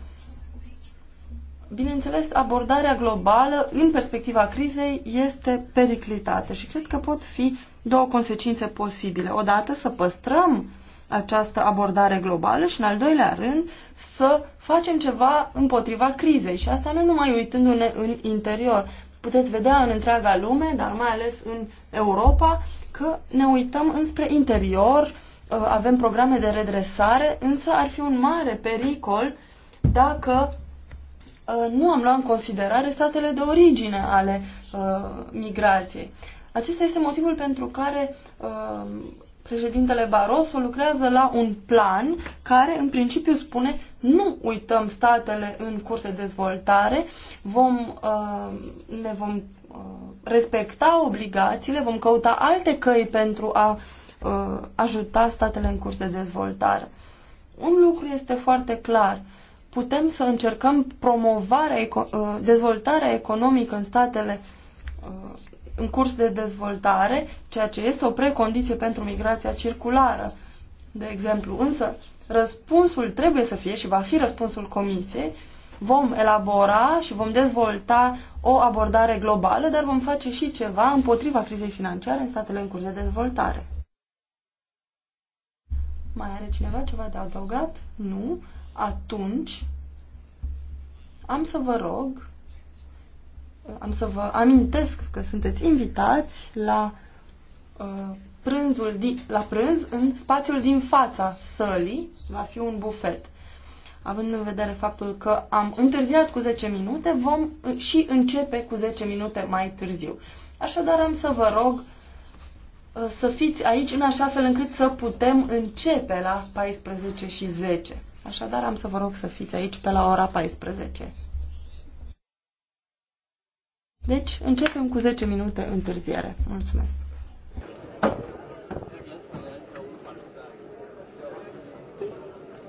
Bineînțeles, abordarea globală în perspectiva crizei este periclitată și cred că pot fi două consecințe posibile. Odată să păstrăm această abordare globală și, în al doilea rând, să facem ceva împotriva crizei. Și asta nu numai uitându-ne în interior. Puteți vedea în întreaga lume, dar mai ales în Europa, că ne uităm înspre interior, uh, avem programe de redresare, însă ar fi un mare pericol dacă Uh, nu am luat în considerare statele de origine ale uh, migrației. Acesta este motivul pentru care uh, președintele Barroso lucrează la un plan care, în principiu, spune nu uităm statele în curs de dezvoltare, vom, uh, ne vom uh, respecta obligațiile, vom căuta alte căi pentru a uh, ajuta statele în curs de dezvoltare. Un lucru este foarte clar. Uh, putem să încercăm promovarea, uh, dezvoltarea economică în statele uh, în curs de dezvoltare, ceea ce este o precondiție pentru migrația circulară, de exemplu. Însă, răspunsul trebuie să fie și va fi răspunsul Comisiei. Vom elabora și vom dezvolta o abordare globală, dar vom face și ceva împotriva crizei financiare în statele în curs de dezvoltare. Mai are cineva ceva de adăugat? Nu atunci am să vă rog, am să vă amintesc că sunteți invitați la uh, prânzul di- la prânz în spațiul din fața sălii, va fi un bufet. Având în vedere faptul că am întârziat cu 10 minute, vom uh, și începe cu 10 minute mai târziu. Așadar am să vă rog uh, să fiți aici în așa fel încât să putem începe la 14 și 10. Așadar am să vă rog să fiți aici pe la ora 14. Deci începem cu 10 minute întârziere. Mulțumesc!